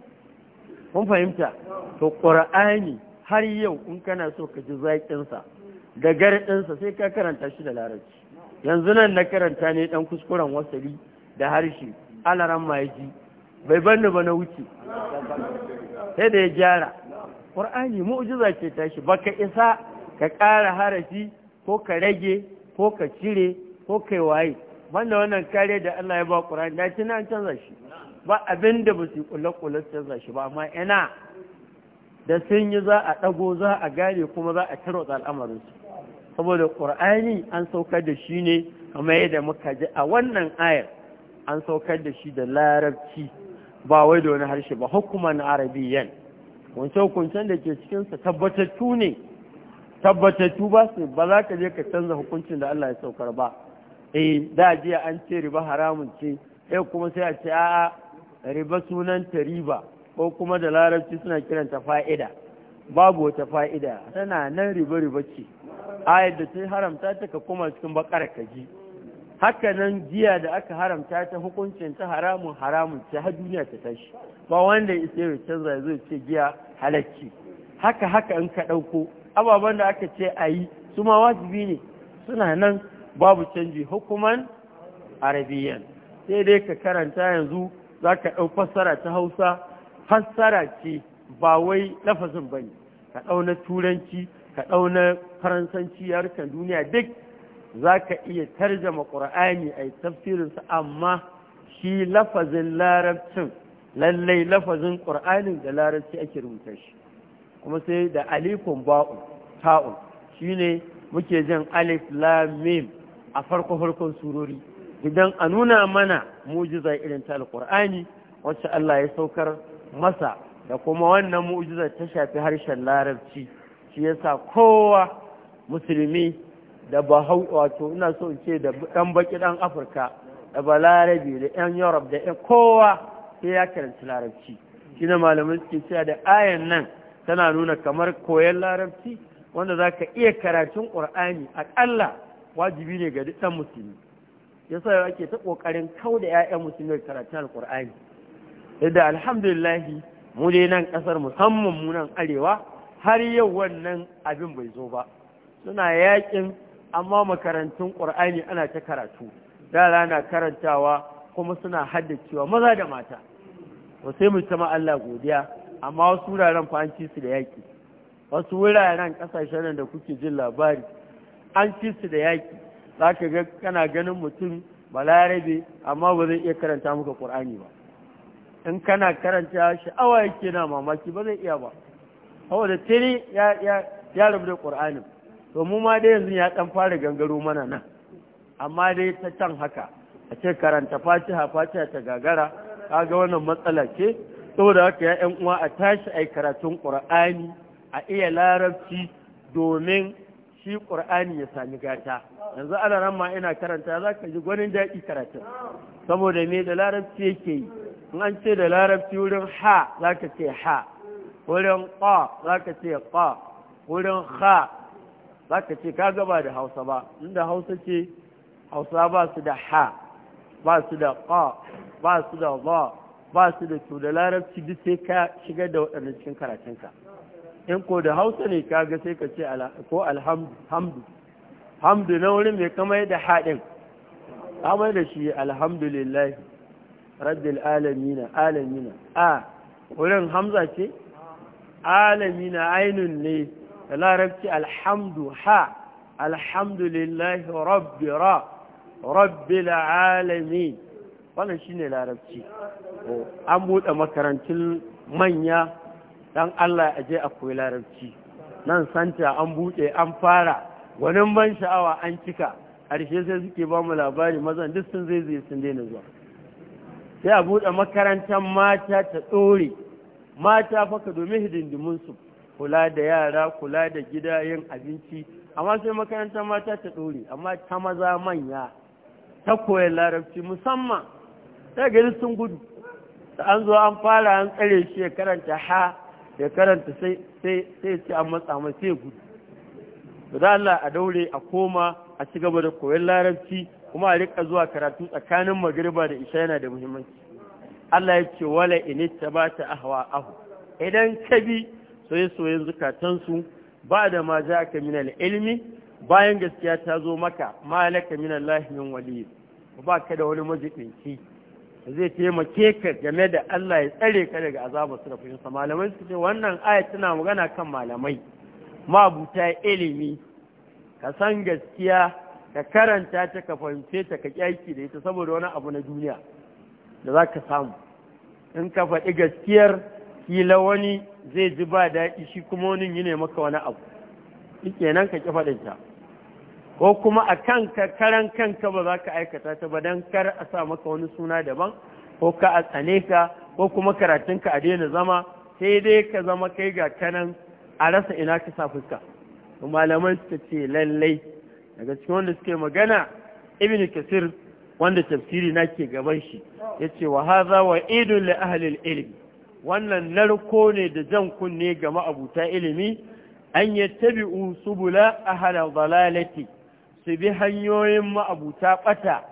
kun fahimta to ƙur'ani har yau in kana so ka ji zaƙinsa da garɗinsa sai ka karanta shi da larabci yanzu nan na karanta ne ɗan kuskuren wasali da harshe alaran maji bai banni ba na wuce sai da ya gyara ƙur'ani mu'ujiza ce tashi ka isa ka ƙara harafi ko ka rage ko ka cire ko kai waye banda wannan kare da Allah ya ba Qur'ani da tun an canza shi ba abinda ba su kula kula canza shi ba amma ina da sun yi za a dago za a gane kuma za a da al'amarin saboda Qur'ani an saukar da shi ne kamar yadda muka ji a wannan ayar an saukar da shi da larabci ba wai da wani harshe ba hukuman arabiyyan hukunce-hukuncen da ke cikinsa tabbatattu ne tabbatattu ba su ba za ka je ka canza hukuncin da Allah ya saukar ba eh da jiya an ce riba haramun ce eh kuma sai a ce a'a riba sunanta riba ko kuma da larabci suna kiranta fa'ida babu wata fa'ida tana nan riba riba ce a da ta haramta ta ka koma cikin bakar ji haka nan jiya da aka haramta ta hukuncin ta haramun haramun ce har duniya ta tashi ba wanda ya sai canza zai ce jiya halacci haka haka in ka ɗauko ababen da aka ce a yi su ma wajibi ne suna nan babu canji hukuman arabiyan sai dai ka karanta yanzu za ka ɗau fassara ta hausa fassara ce ba wai lafazin ba ne ka ɗau na turanci ka ɗau na faransanci yarukan duniya duk za ka iya tarjama ƙur'ani a tafsirinsa amma shi lafazin larabcin lallai lafazin ƙur'ani da larabci ake rubuta shi kuma sai da alifun ba'u shi shine muke jin alif lamim a farko farkon surori idan a nuna mana mu'jiza irin ta alkur'ani wacce Allah ya saukar masa da kuma wannan mu'jiza ta shafi harshen larabci shi yasa kowa musulmi da hau wato ina so in ce da dan baki dan Afirka da ba larabi da yan Europe da kowa sai ya karanci larabci shi na malamin suke cewa da ayan nan tana nuna kamar koyan larabci wanda zaka iya karatun ƙur'ani aƙalla wajibi ne ga ɗan musulmi ya sa ake ta ƙoƙarin kau da 'ya'yan musulmi da karatun alƙur'ani yadda alhamdulillahi mu dai nan ƙasar musamman mu nan arewa har yau wannan abin bai zo ba suna yakin amma makarantun ƙur'ani ana ta karatu yara na karantawa kuma suna haddacewa maza da mata ba sai mu sama Allah godiya amma wasu wuraren fa an ci su da yaƙi wasu wuraren ƙasashen da kuke jin labari an ci su da yaki za ka ga kana ganin mutum balarabe amma ba zai iya karanta maka ƙur'ani ba in kana karanta sha'awa yake na mamaki ba zai iya ba da tiri ya rabu da ƙur'ani to mu ma dai yanzu ya ɗan fara gangaro mana nan amma dai ta can haka a ce karanta fatiha fatiha ta gagara kaga wannan matsala ce saboda haka ya uwa a tashi a karatun ƙur'ani a iya larabci domin shi ƙur'ani ya sami gata yanzu ana nan ma ina karanta za ka ji gwanin daɗi karatun saboda me da larabci yake yi in an ce da larabci wurin ha za ka ce ha wurin ƙa za ka ce ƙa wurin ha za ka ce ka gaba da hausa ba inda hausa ce hausa ba su da ha ba su da ƙa ba su da ba ba su da su da larabci duk sai ka shigar da waɗannan cikin karatunka in ko da hausa ne kaga sai ka ce ko alhamdu hamdu na wurin mai kamar da haɗin amai da shi alhamdulillah rabbil alamina alamina a wurin hamza ce alamina ainun ne da larabci alhamdu ha alhamdulillah rabbi ra rabbil alami wannan ne larabci an buɗe makarantun manya dan Allah a je a koyi larabci nan santa an buɗe an fara gwanin ban sha'awa an cika ƙarshe sai suke ba mu labari mazan duk sun zai zai sun daina zuwa sai a buɗe makarantar mata ta ɗore mata faka domin hidindiminsu kula da yara kula da gida yin abinci amma sai makarantar mata ta ɗore amma ta maza manya ta koyar larabci musamman ta gari sun gudu da an zo an fara an tsare shi ya karanta ha ya karanta sai sai an matsa mai sai gudu to da Allah a daure a koma a ci gaba da koyon larabci kuma a rika zuwa karatu tsakanin magariba da isha yana da muhimmanci Allah ya ce wala ba ta ahwa ahu idan ka bi soye soyen zukatansu ba da ma za ka min ilmi bayan gaskiya ta zo maka malaka min Allah min wali ba ka da wani majibinci zai taimake ka game da Allah ya tsare ka daga azabar su da malamai su ce wannan aya tana magana kan malamai mabuta ilimi ka san gaskiya ka karanta ta ka fahimce ta ka kyaki da ita saboda wani abu na duniya da za ka samu in ka faɗi gaskiyar kila wani zai ji ba daɗi shi kuma wani yi ne maka wani abu kenan ka ƙi faɗinta ko kuma a kanka karan kanka ba za ka aikata ta ba don kar a sa maka wani suna daban ko ka a tsane ka ko kuma karatunka a daina zama sai dai ka zama kai ga kanan a rasa ina ka sa fuska malaman suka ce lallai daga cikin wanda suke magana ibn kasir wanda tafsiri na ke gaban shi ya ce wa haza wa idun li ahlil ilmi wannan narko ne da jan kunne ga ma'abuta ilimi an yattabi'u subula ahla dalalati su bi hanyoyin ma'abuta ɓata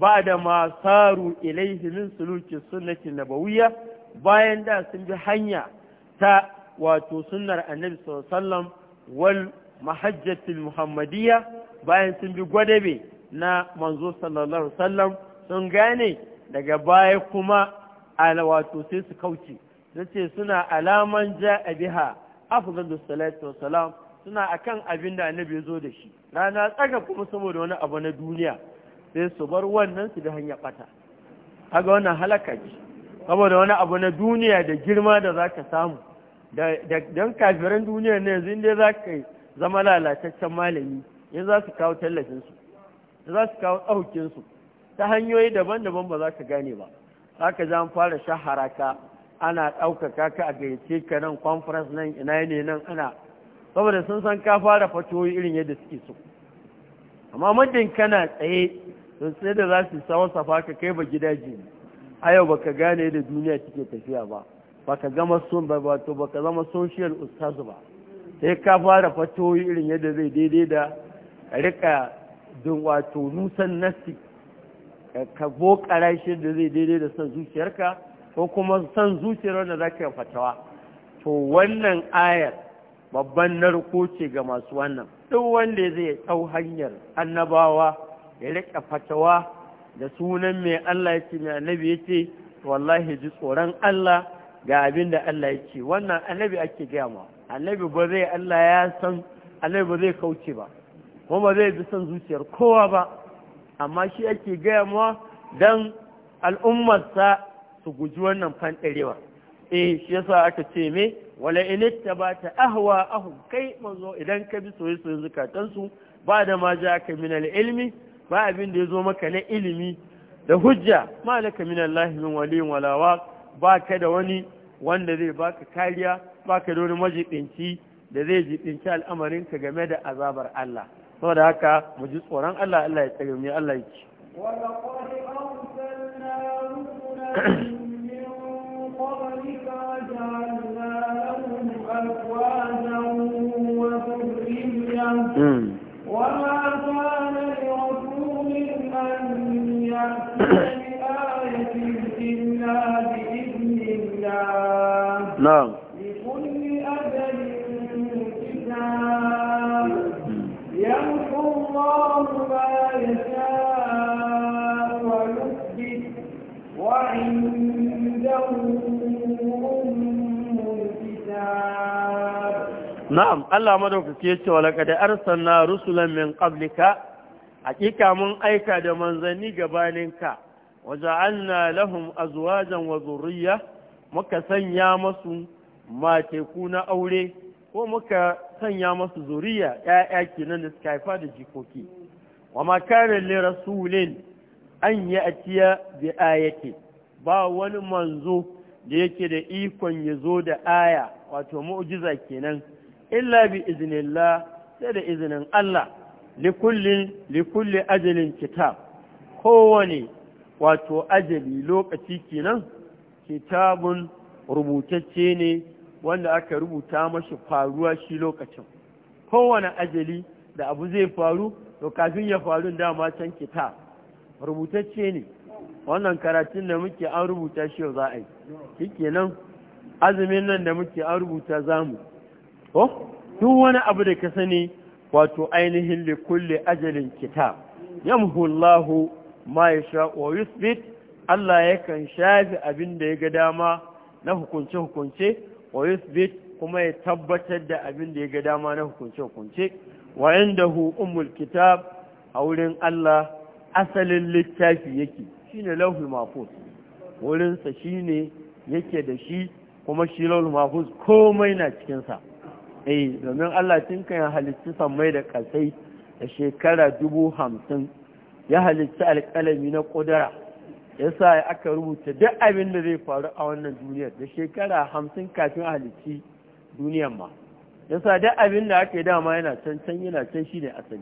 ba da masaru ilaihi min suluki sunnati nabawiyya bayan da sun bi hanya ta wato sunnar annabi sallallahu wal mahajjatul muhammadiyya bayan sun bi gwadabe na manzo sallallahu sallam sun gane daga baya kuma wato sai su kauce nace suna alaman ja'a biha salatu wassalam suna kan abin da annabi ya zo da shi rana tsaga kuma saboda wani abu na duniya sai su bar wannan su bi hanya bata kaga wannan halaka ce saboda wani abu na duniya da girma da za ka samu da kafiran duniya ne yanzu inda ka zama lalataccen malami in za su kawo tallafinsu in za su kawo tsahukin ta hanyoyi daban-daban ba za ka gane ba za ka za mu fara shahara ka ana ɗaukaka ka a gayyace ka nan conference nan ina ne nan ana saboda sun san ka fara fatoyi irin yadda suke so amma muddin kana tsaye sun sai da za su sawa safa ka kai ba gidaje a yau ka gane da duniya take tafiya ba ba ka gama sun ba ba ka zama social ustaz ba sai ka fara fatoyi irin yadda zai daidai da rika dun wato nusan nasi ka bokara shi da zai daidai da son zuciyarka ko kuma son zuciyar wanda za ka yi fatawa to wannan ayar babban narko ce ga masu wannan duk wanda zai tsau hanyar annabawa ya riƙa fatawa da sunan mai Allah ya ce mai annabi ya ce wallahi ji tsoron Allah ga abin da Allah ya ce wannan annabi ake gaya ma annabi ba zai Allah ya san annabi ba zai kauce ba kuma ba zai bi son zuciyar kowa ba amma shi ake gaya ma don al'ummarsa su guji wannan fanɗarewa eh shi yasa aka ce me wala in ba ahwa ahum kai manzo idan ka bi soyayya soyayya su ba da ma ja ka min ilmi ba abin da ya zo maka na ilimi da hujja malaka min Allah min wala walawa ba ka da wani wanda zai baka kariya ba ka da wani majibinci da zai jibinci al'amarinka game da azabar Allah saboda haka mu ji tsoron Allah Allah ya tsare mu Allah ya ci na'am likulli ma yasha wa Na'am, Allah madaukaki ya ce wa laƙadai arsanna rusulan min ƙablika, hakika mun aika da manzanni gabaninka, waje an na lahun azuwajen wa zurriya, muka sanya masu mateku na aure ko muka sanya masu zuriya ‘ya'ya kenan da suka haifa da jikoki wa makarin le rasulin an yi atiya bi ayati ba wani manzo da yake da ikon ya zo da aya wato mu'jiza kenan illa bi iznillah sai da izinin Allah li kulli ajalin kitab kowane wato ajali lokaci kenan kitabun rubutacce ne wanda aka rubuta mashi faruwa shi lokacin kowane ajali da abu zai faru to kafin ya faru dama can kita rubutacce ne wannan karatun da muke an rubuta shi yau za a yi shikenan azumin nan da muke an rubuta zamu oh duk wani abu da ka sani wato ainihin li ajalin kita yamhu Allahu ma yasha wa yusbit Allah ya kan shafi abin da ya ga dama na hukunce-hukunce wa yusbit kuma ya tabbatar da abin da ya ga dama na hukunce-hukunce wa yanda hu kitab a wurin Allah asalin littafi yake ne laufi mafus, wurinsa shi ne yake da shi kuma shi lauhul mahfuz komai na cikinsa? eh domin Allah tun kan halittu sammai da ƙasai da shekara dubu hamsin ya halitta alƙalami na ƙudara. yasa aka rubuta duk abin da zai faru a wannan duniyar da shekara hamsin kafin a halicci duniyar ma yasa duk abin da aka yi dama yana can can yana can shi ne asali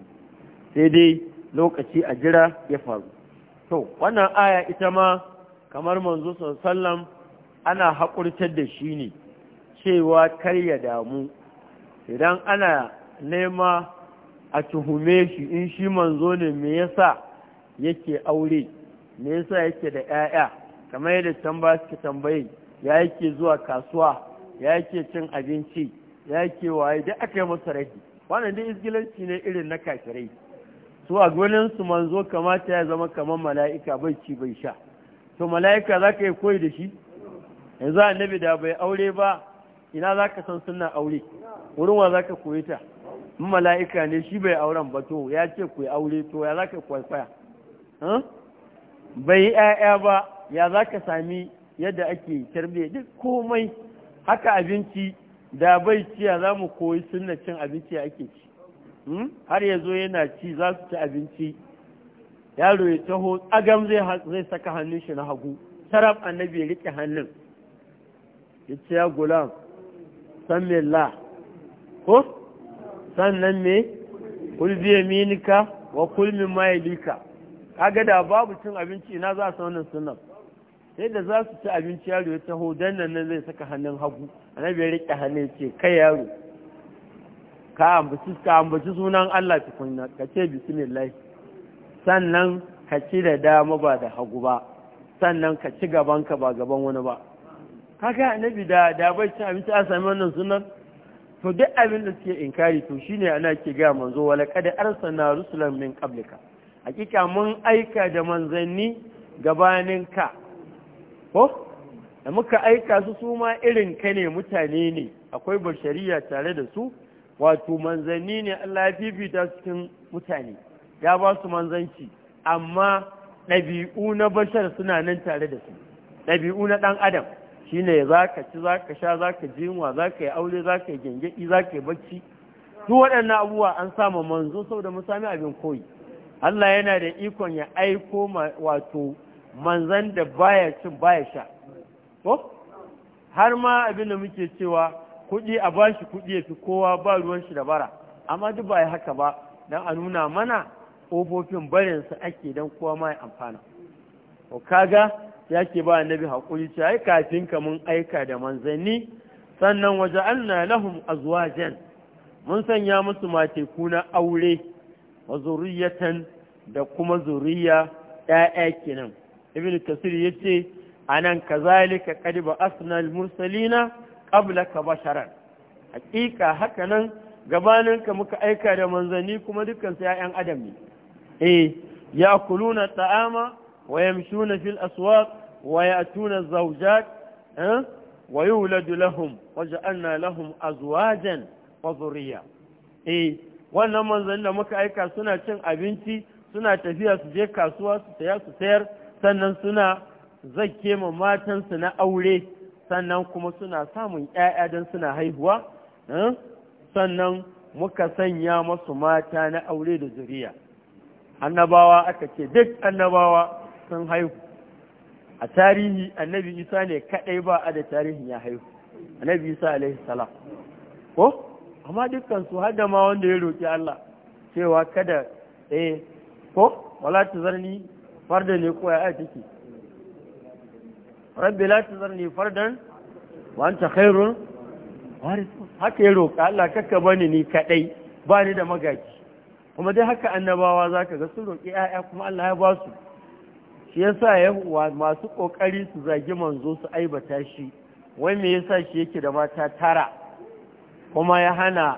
sai dai lokaci a jira ya faru to wannan aya ita ma kamar manzo sallam ana haƙurtar da shi ne cewa kar ya damu idan ana nema a tuhume shi in shi manzo ne me yasa yake aure me yasa yake da ƴaƴa kamar yadda tambaya suke tambayi ya yake zuwa kasuwa ya yake cin abinci ya yake waye duk aka yi masa rahi wannan dai izgilanci ne irin na kafirai su a gurin su manzo kamata ya zama kamar mala'ika bai ci bai sha to mala'ika za ka yi koyi da shi yanzu annabi da bai aure ba ina za ka san suna aure wurin wa za ka koyi ta in mala'ika ne shi bai auren ba to ya ce ku yi aure to ya za ka kwaikwaya bai yi ‘ya'ya ba ya za ka sami yadda ake karbe duk komai haka abinci da bai ya za mu koyi sunna cin abinci ake ci hmm? har ya zo yana ci za su ci abinci yaro ya taho agam zai saka hannun shi na hagu sarab annabi ya riƙe hannun ya ce ya gulam san me la ko sannan me kul bi minika wa kul min kaga da babu cin abinci ina za su wannan sunan sai da za su ci abinci yaro ya taho dan nan zai saka hannun hagu annabi ya rike hannun ce kai yaro ka ambaci ka ambaci sunan Allah tukunna ka ce bismillah sannan ka ci da dama ba da hagu ba sannan ka ci gaban ka ba gaban wani ba kaga annabi da da bai cin abinci a sami wannan sunan to duk abin da suke inkari to shine ana ke ga manzo wala kada arsalna rusulan min qablika hakika mun aika da manzanni gabaninka ko da muka aika su su ma irin ka ne mutane ne akwai bashariya tare da su wato manzanni ne Allah ya fifita cikin mutane ya ba su manzanci amma ɗabi'u na bashar suna nan tare da su ɗabi'u na ɗan adam shine za ka ci za ka sha za ka jinwa za ka yi aure za ka yi gyangyaɗi za ka yi bacci duk waɗannan abubuwa an sama manzo saboda mu sami abin koyi Allah yana da ikon ya aiko wato manzan da baya cin baya sha ko har ma abin da muke cewa kuɗi a bashi kuɗi ya fi kowa ba ruwan shi da bara amma duk ba haka ba don a nuna mana ƙofofin barin su ake don kowa ma ya amfana to kaga ya ke ba annabi haƙuri ce ai kafin ka mun aika da manzanni sannan waje an na lahum azwajan mun sanya musu mateku na aure wa zuriyatan da kuma zuriya ƴaƴa kenan ibn kasir yace anan kazalika qad ba asnal mursalina ka basharan hakika haka nan gabaninka muka aika da manzanni kuma dukkan su ƴaƴan adam ne eh ya'kuluna ta'ama wa yamshuna fil aswaq wa ya'tuna zawjat eh wa yuladu lahum waja'alna lahum azwajan wa dhurriyya eh wannan manzanni da muka aika suna cin abinci suna tafiya su je kasuwa su saya su sayar sannan suna zakke ma matansu na aure sannan kuma suna samun ‘ya'ya don suna haihuwa eh? sannan muka sanya masu mata na aure da zuriya annabawa aka ce duk annabawa sun haihu a tarihi annabi isa ne kaɗai ba a da tarihin ya haihu annabi isa alaihi salam ko amma dukansu su har da ma wanda ya roki Allah cewa kada eh ko wala tuzarni farda ne ko ya take rabbi la tuzarni fardan wa anta khairun haka ya roƙi Allah kaka bani ni kadai ba ni da magaji kuma dai haka annabawa zaka ga sun roƙi ayya kuma Allah ya ba su shi yasa ya masu ƙoƙari su zagi manzo su aibata shi wai me yasa shi yake da mata tara kuma ya hana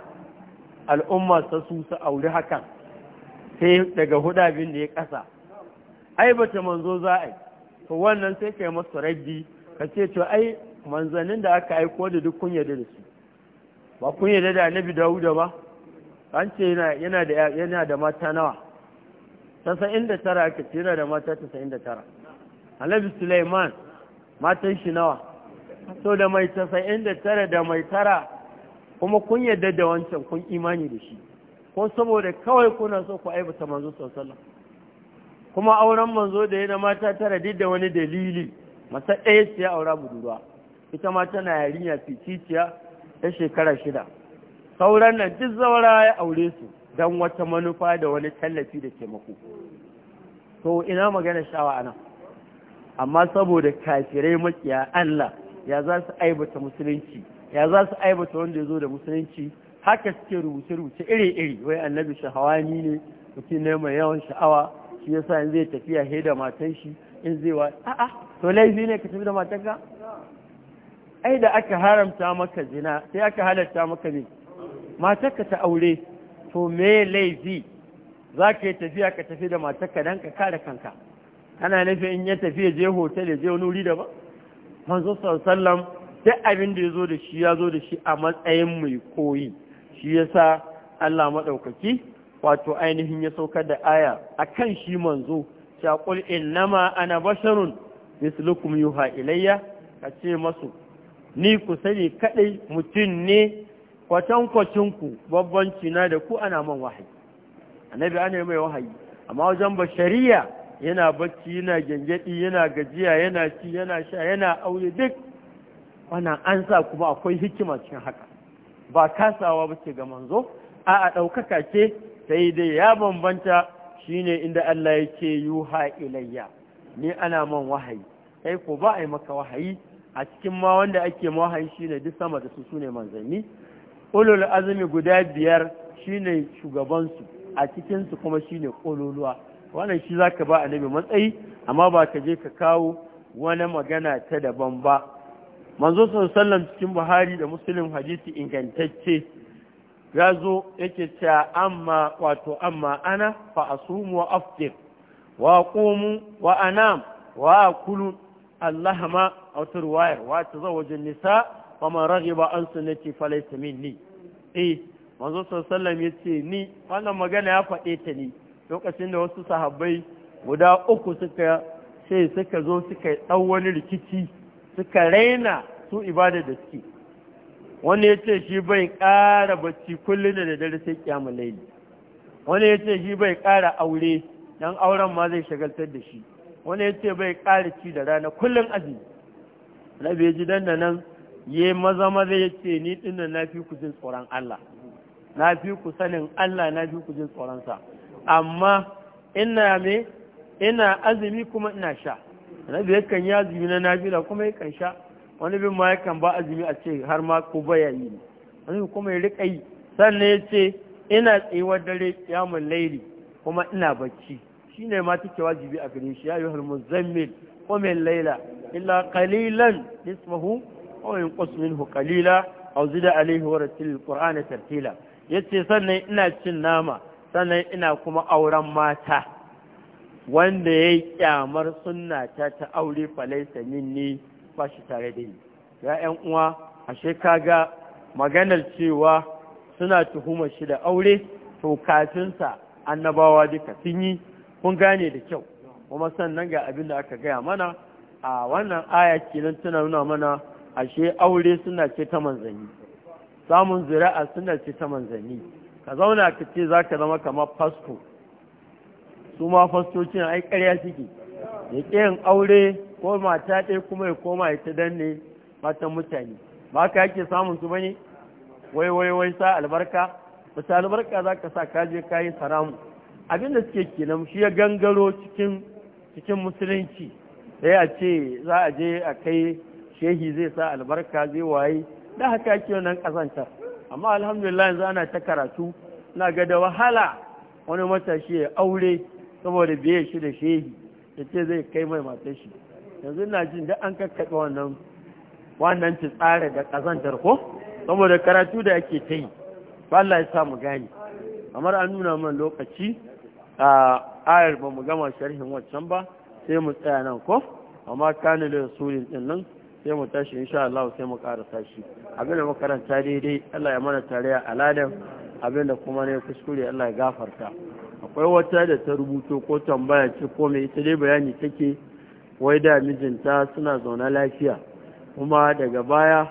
al'umma ta su su auri hakan sai daga hudabin da ya ƙasa ai ba ta manzo za a yi to wannan sai ka yi masu raddi ka ce to ai manzannin da aka aiko da duk kunya da su ba kunya da da nabi dawuda ba an ce yana da yana da mata nawa tasa'in da tara aka ce yana da mata tasa'in da tara annabi sulaiman matan shi nawa so da mai tasa'in da tara da mai tara kuma kun yarda da wancan kun imani da shi ko saboda kawai kuna so ku aibata manzo sallallahu kuma auren manzo da yana mata tara duk da wani dalili masa ɗaya ce ya aura budurwa ita ma tana yarinya ficiciya ta shekara shida sauran nan duk zawara ya aure su don wata manufa da wani tallafi da taimako to ina magana shawa anan amma saboda kafirai makiya Allah ya za su aibata musulunci ya za su aibata wanda ya zo da musulunci haka suke rubuce-rubuce iri-iri wai annabi shahawani ne mutum ne mai yawan sha'awa shi yasa in zai tafiya he da matan shi in zai wa a'a to laifi ne ka tafi da matan ka? ai da aka haramta maka zina sai aka halatta maka ne matarka ta aure to me laifi za ka yi tafiya ka tafi da matarka don ka kare kanka ana nufin in ya tafi ya je hotel ya je wani wuri daban manzo sallallahu duk abin da ya zo da shi ya zo da shi a matsayin mai koyi shi ya sa Allah maɗaukaki wato ainihin ya saukar da aya a kan shi manzo shaƙul innama ana basharun mislukum yuha ilayya ka ce masu ni ku sani kaɗai mutum ne kwatankwacinku babbanci na da ku ana man wahayi annabi ana yi mai wahayi amma wajen bashariya yana bacci yana gyangyaɗi yana gajiya yana ci yana sha yana aure duk wannan an sa kuma akwai hikima cikin haka ba kasawa ba ce ga manzo a a ɗaukaka ce sai dai ya bambanta shine inda Allah ya ce yuha ilayya ni ana man wahayi kai ko ba a maka wahayi a cikin ma wanda ake ma wahayi shine duk sama da su sune manzanni ulul azumi guda biyar shine shugabansu a cikinsu kuma shine ƙololuwa wannan shi zaka ba annabi matsayi amma ba ka je ka kawo wani magana ta daban ba manzo sallan cikin buhari da muslim hadisi ingantacce ya zo yake cewa amma wato amma ana fa asumu wa aftir wa qumu wa anam wa akulu allahma waya." turwaya wa wajen nisa wa man raghiba an sunnati falaysa minni eh manzo sallam yace ni wannan magana ya faɗe ta ni lokacin da wasu sahabbai guda uku suka sai suka zo suka ɗau wani rikici suka raina su ibada da suke wani ya ce shi bai ƙara bacci kullum da dare sai kyamun laili wani ya ce shi bai ƙara aure don auren ma zai shagaltar da shi wani ya ce bai ƙara ci da rana kullum azumi na bai ji dan da nan ya maza maza ya ce ni dinnan na fi ku jin tsoron Allah na fi ku sanin Allah na fi ku jin tsoronsa amma ina azumi kuma ina sha ya yakan yi azumi na nafila kuma yakan sha wani bin ma ya kan ba azumi a ce har ma ko baya yi wani kuma ya rika yi sannan ya ce ina tsayuwar dare kiyamun laili kuma ina bacci ne ma take wajibi a gare shi ya yi hal muzammil qum laila illa kalilan nismahu aw kwasu minhu qalila a zida alaihi wa rasulul qur'ana tartila yace sannan ina cin nama sannan ina kuma auren mata wanda ya yi kyamar suna ta ta aure falaisa ne ba shi tare da ni ya yan uwa ashe shekaga maganar cewa suna tuhumar shi da aure to kafinsa annabawa duka sun yi kun gane da kyau kuma sannan ga abin da aka gaya mana a wannan aya kenan tana nuna mana ashe aure suna ce ta manzanni samun zuri'a suna ce ta manzanni ka zauna ka ce za ka zama kamar fasfo su ma fastocin ai ƙarya suke ya yin aure ko mata ɗaya kuma ya koma ya ta danne matan mutane ba ka yake samun su bane wai wai wai sa albarka wata albarka za ka sa kaje ka yi saramu abin da suke kenan shi ya gangaro cikin musulunci sai a ce za a je a kai shehi zai sa albarka zai waye da haka ake wannan kasantar amma alhamdulillah yanzu ana ta karatu na ga da wahala wani matashi ya aure saboda biye shi da shehi da ce zai kai mai matar shi yanzu na jin da an kakkaɓe wannan wannan ta tsara da ƙazantar ko saboda karatu da ake ta yi ba Allah ya sa mu gane kamar an nuna man lokaci a ayar ba mu gama sharhin waccan ba sai mu tsaya nan ko amma kana da rasulin din nan sai mu tashi insha Allah sai mu karasa shi abin da makaranta daidai Allah ya mana tare a aladan abin kuma ne kuskure Allah ya gafarta akwai wata da ta rubuto ko tambaya ce ko mai ita dai bayani take wai da mijinta suna zaune lafiya kuma daga baya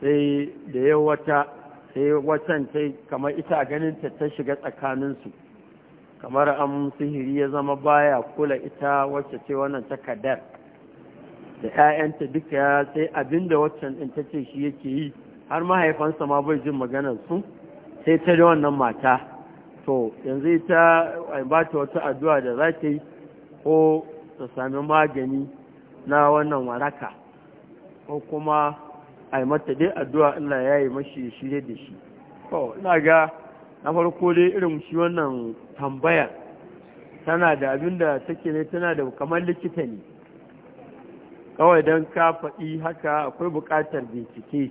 sai da ya wata sai watan sai kamar ita a ganin ta ta shiga tsakaninsu kamar an sihiri ya zama baya kula ita wacce ce wannan takardar da 'ya'yanta duka ya sai abinda waccan ɗin ta ce shi yake yi har mahaifansa ma bai jin maganar su sai ta da wannan mata to yanzu ta aibata wata addu'a da za ta yi ko ta sami magani na wannan waraka ko kuma a mata dai addu'a Allah ya yi mashi shirye da shi to ina ga na farko dai irin shi wannan tambaya tana da abin da take ne tana da kamar likita ne kawai don ka faɗi haka akwai buƙatar bincike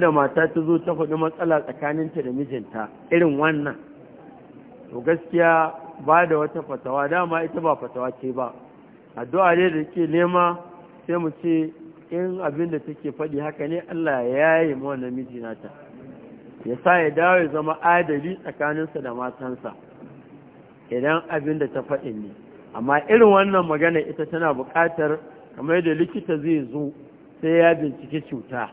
da mata ta zo ta faɗi matsala tsakaninta da mijinta irin wannan to gaskiya ba da wata fatawa dama ita ba fatawa ce ba addu'a ne da ke nema sai mu ce in abin da take faɗi haka ne Allah ya yi ma wannan nata ya sa ya dawo ya zama adali tsakaninsa da matansa idan abin da ta faɗi ne amma irin wannan magana ita tana buƙatar kamar da likita zai zo sai ya bincike cuta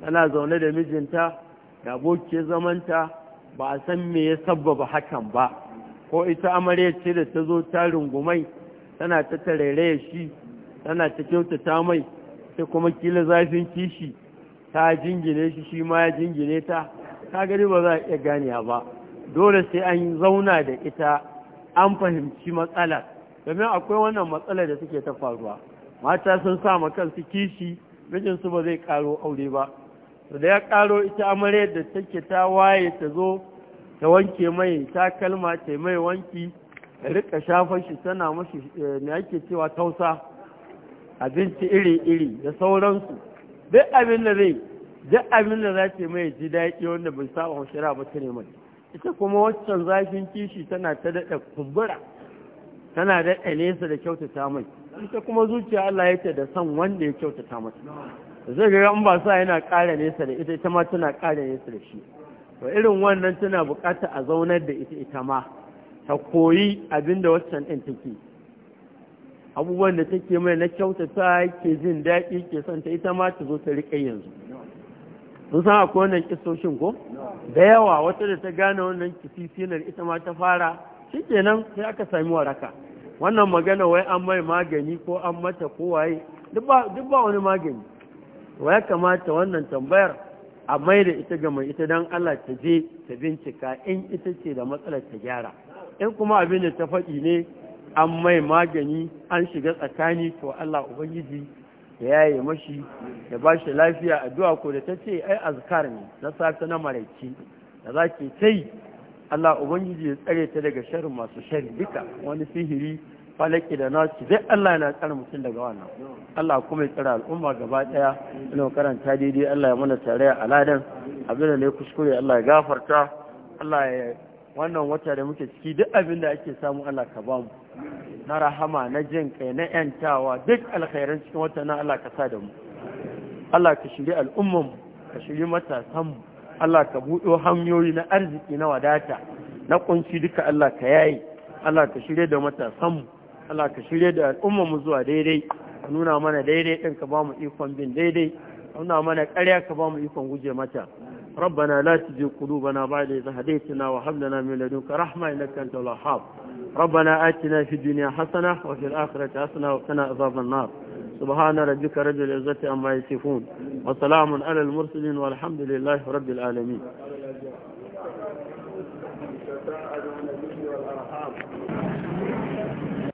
tana zaune da mijinta da abokin zamanta ba a san me ya sabbaba hakan ba ko ita amarya ce da ta zo ta rungumai tana ta tarairaya shi tana ta kyautata mai sai kuma kila zafin kishi ta jingine shi shi ma ya jingine ta ta gani ba za a iya ganiya ba dole sai an zauna da ita an fahimci matsala domin akwai wannan matsalar da suke ta faruwa mata sun sa ma kansu kishi mijinsu ba zai karo aure ba to da ya karo ita amare da take ta waye ta zo ta wanke mai takalma ta mai wanki ta rika shafan shi tana mashi eh, me ake cewa tausa abinci iri-iri da sauransu duk abin da zai duk abin da za ta mai ji daɗi wanda bai saba wa shari'a ba ta mai ita kuma waccan zafin kishi tana ta daɗa kumbura tana daɗa nesa da kyautata mai ita kuma zuciya Allah ya da son wanda ya kyautata mata zai ga in ba yana ƙara nesa da ita ita ma tana ƙara nesa da shi to irin wannan tana buƙatar a zaunar da ita ita ma ta koyi abin da wasu take abubuwan da take mai na kyauta ta ke jin daɗi ke son ta ita ma ta zo ta riƙe yanzu sun san akwai wannan kisoshin ko da yawa wata da ta gane wannan kisisinar ita ma ta fara shikenan sai aka sami waraka wannan magana wai an mai magani ko an mata ko duk ba wani magani wa ya kamata wannan tambayar a mai da ita ga mai ita don Allah ta je ta bincika in ita ce da matsalar ta gyara in kuma abin da ta faɗi ne an mai magani an shiga tsakani to Allah ubangiji ya yaye mashi ya ba shi lafiya addu'a ko da ta ce ai azkar ne na safe na maraici da za ke ta yi Allah ubangiji ya tsare ta daga sharrin masu sharri duka wani sihiri falaki da nasu zai Allah yana tsara mutum daga wannan Allah kuma ya tsara al'umma gaba daya ina karanta daidai Allah ya mana tare a ladan abin da ne kuskure Allah ya gafarta Allah ya wannan wata da muke ciki duk abin da ake samu Allah ka bamu na rahama na jin kai na yantawa duk alkhairan cikin wata na Allah ka sa da mu Allah ka shiri al'umman ka shiri matasan mu Allah ka buɗo hanyoyi na arziki na wadata na kunci duka Allah ka yayi Allah ka shirye da matasan mu Allah ka shirya da mu zuwa daidai ka nuna mana daidai ɗin ka bamu ikon bin daidai ka nuna mana karya ka bamu ikon guje mata rabbana la tujzi qulubana ba'da idh hadaytana wa hab lana min ladunka rahma innaka antal wahhab rabbana atina fid dunya hasana wa fil akhirati hasana wa qina adhaban nar subhana rabbika rabbil izzati amma yasifun wa salamun alal mursalin walhamdulillahi rabbil alamin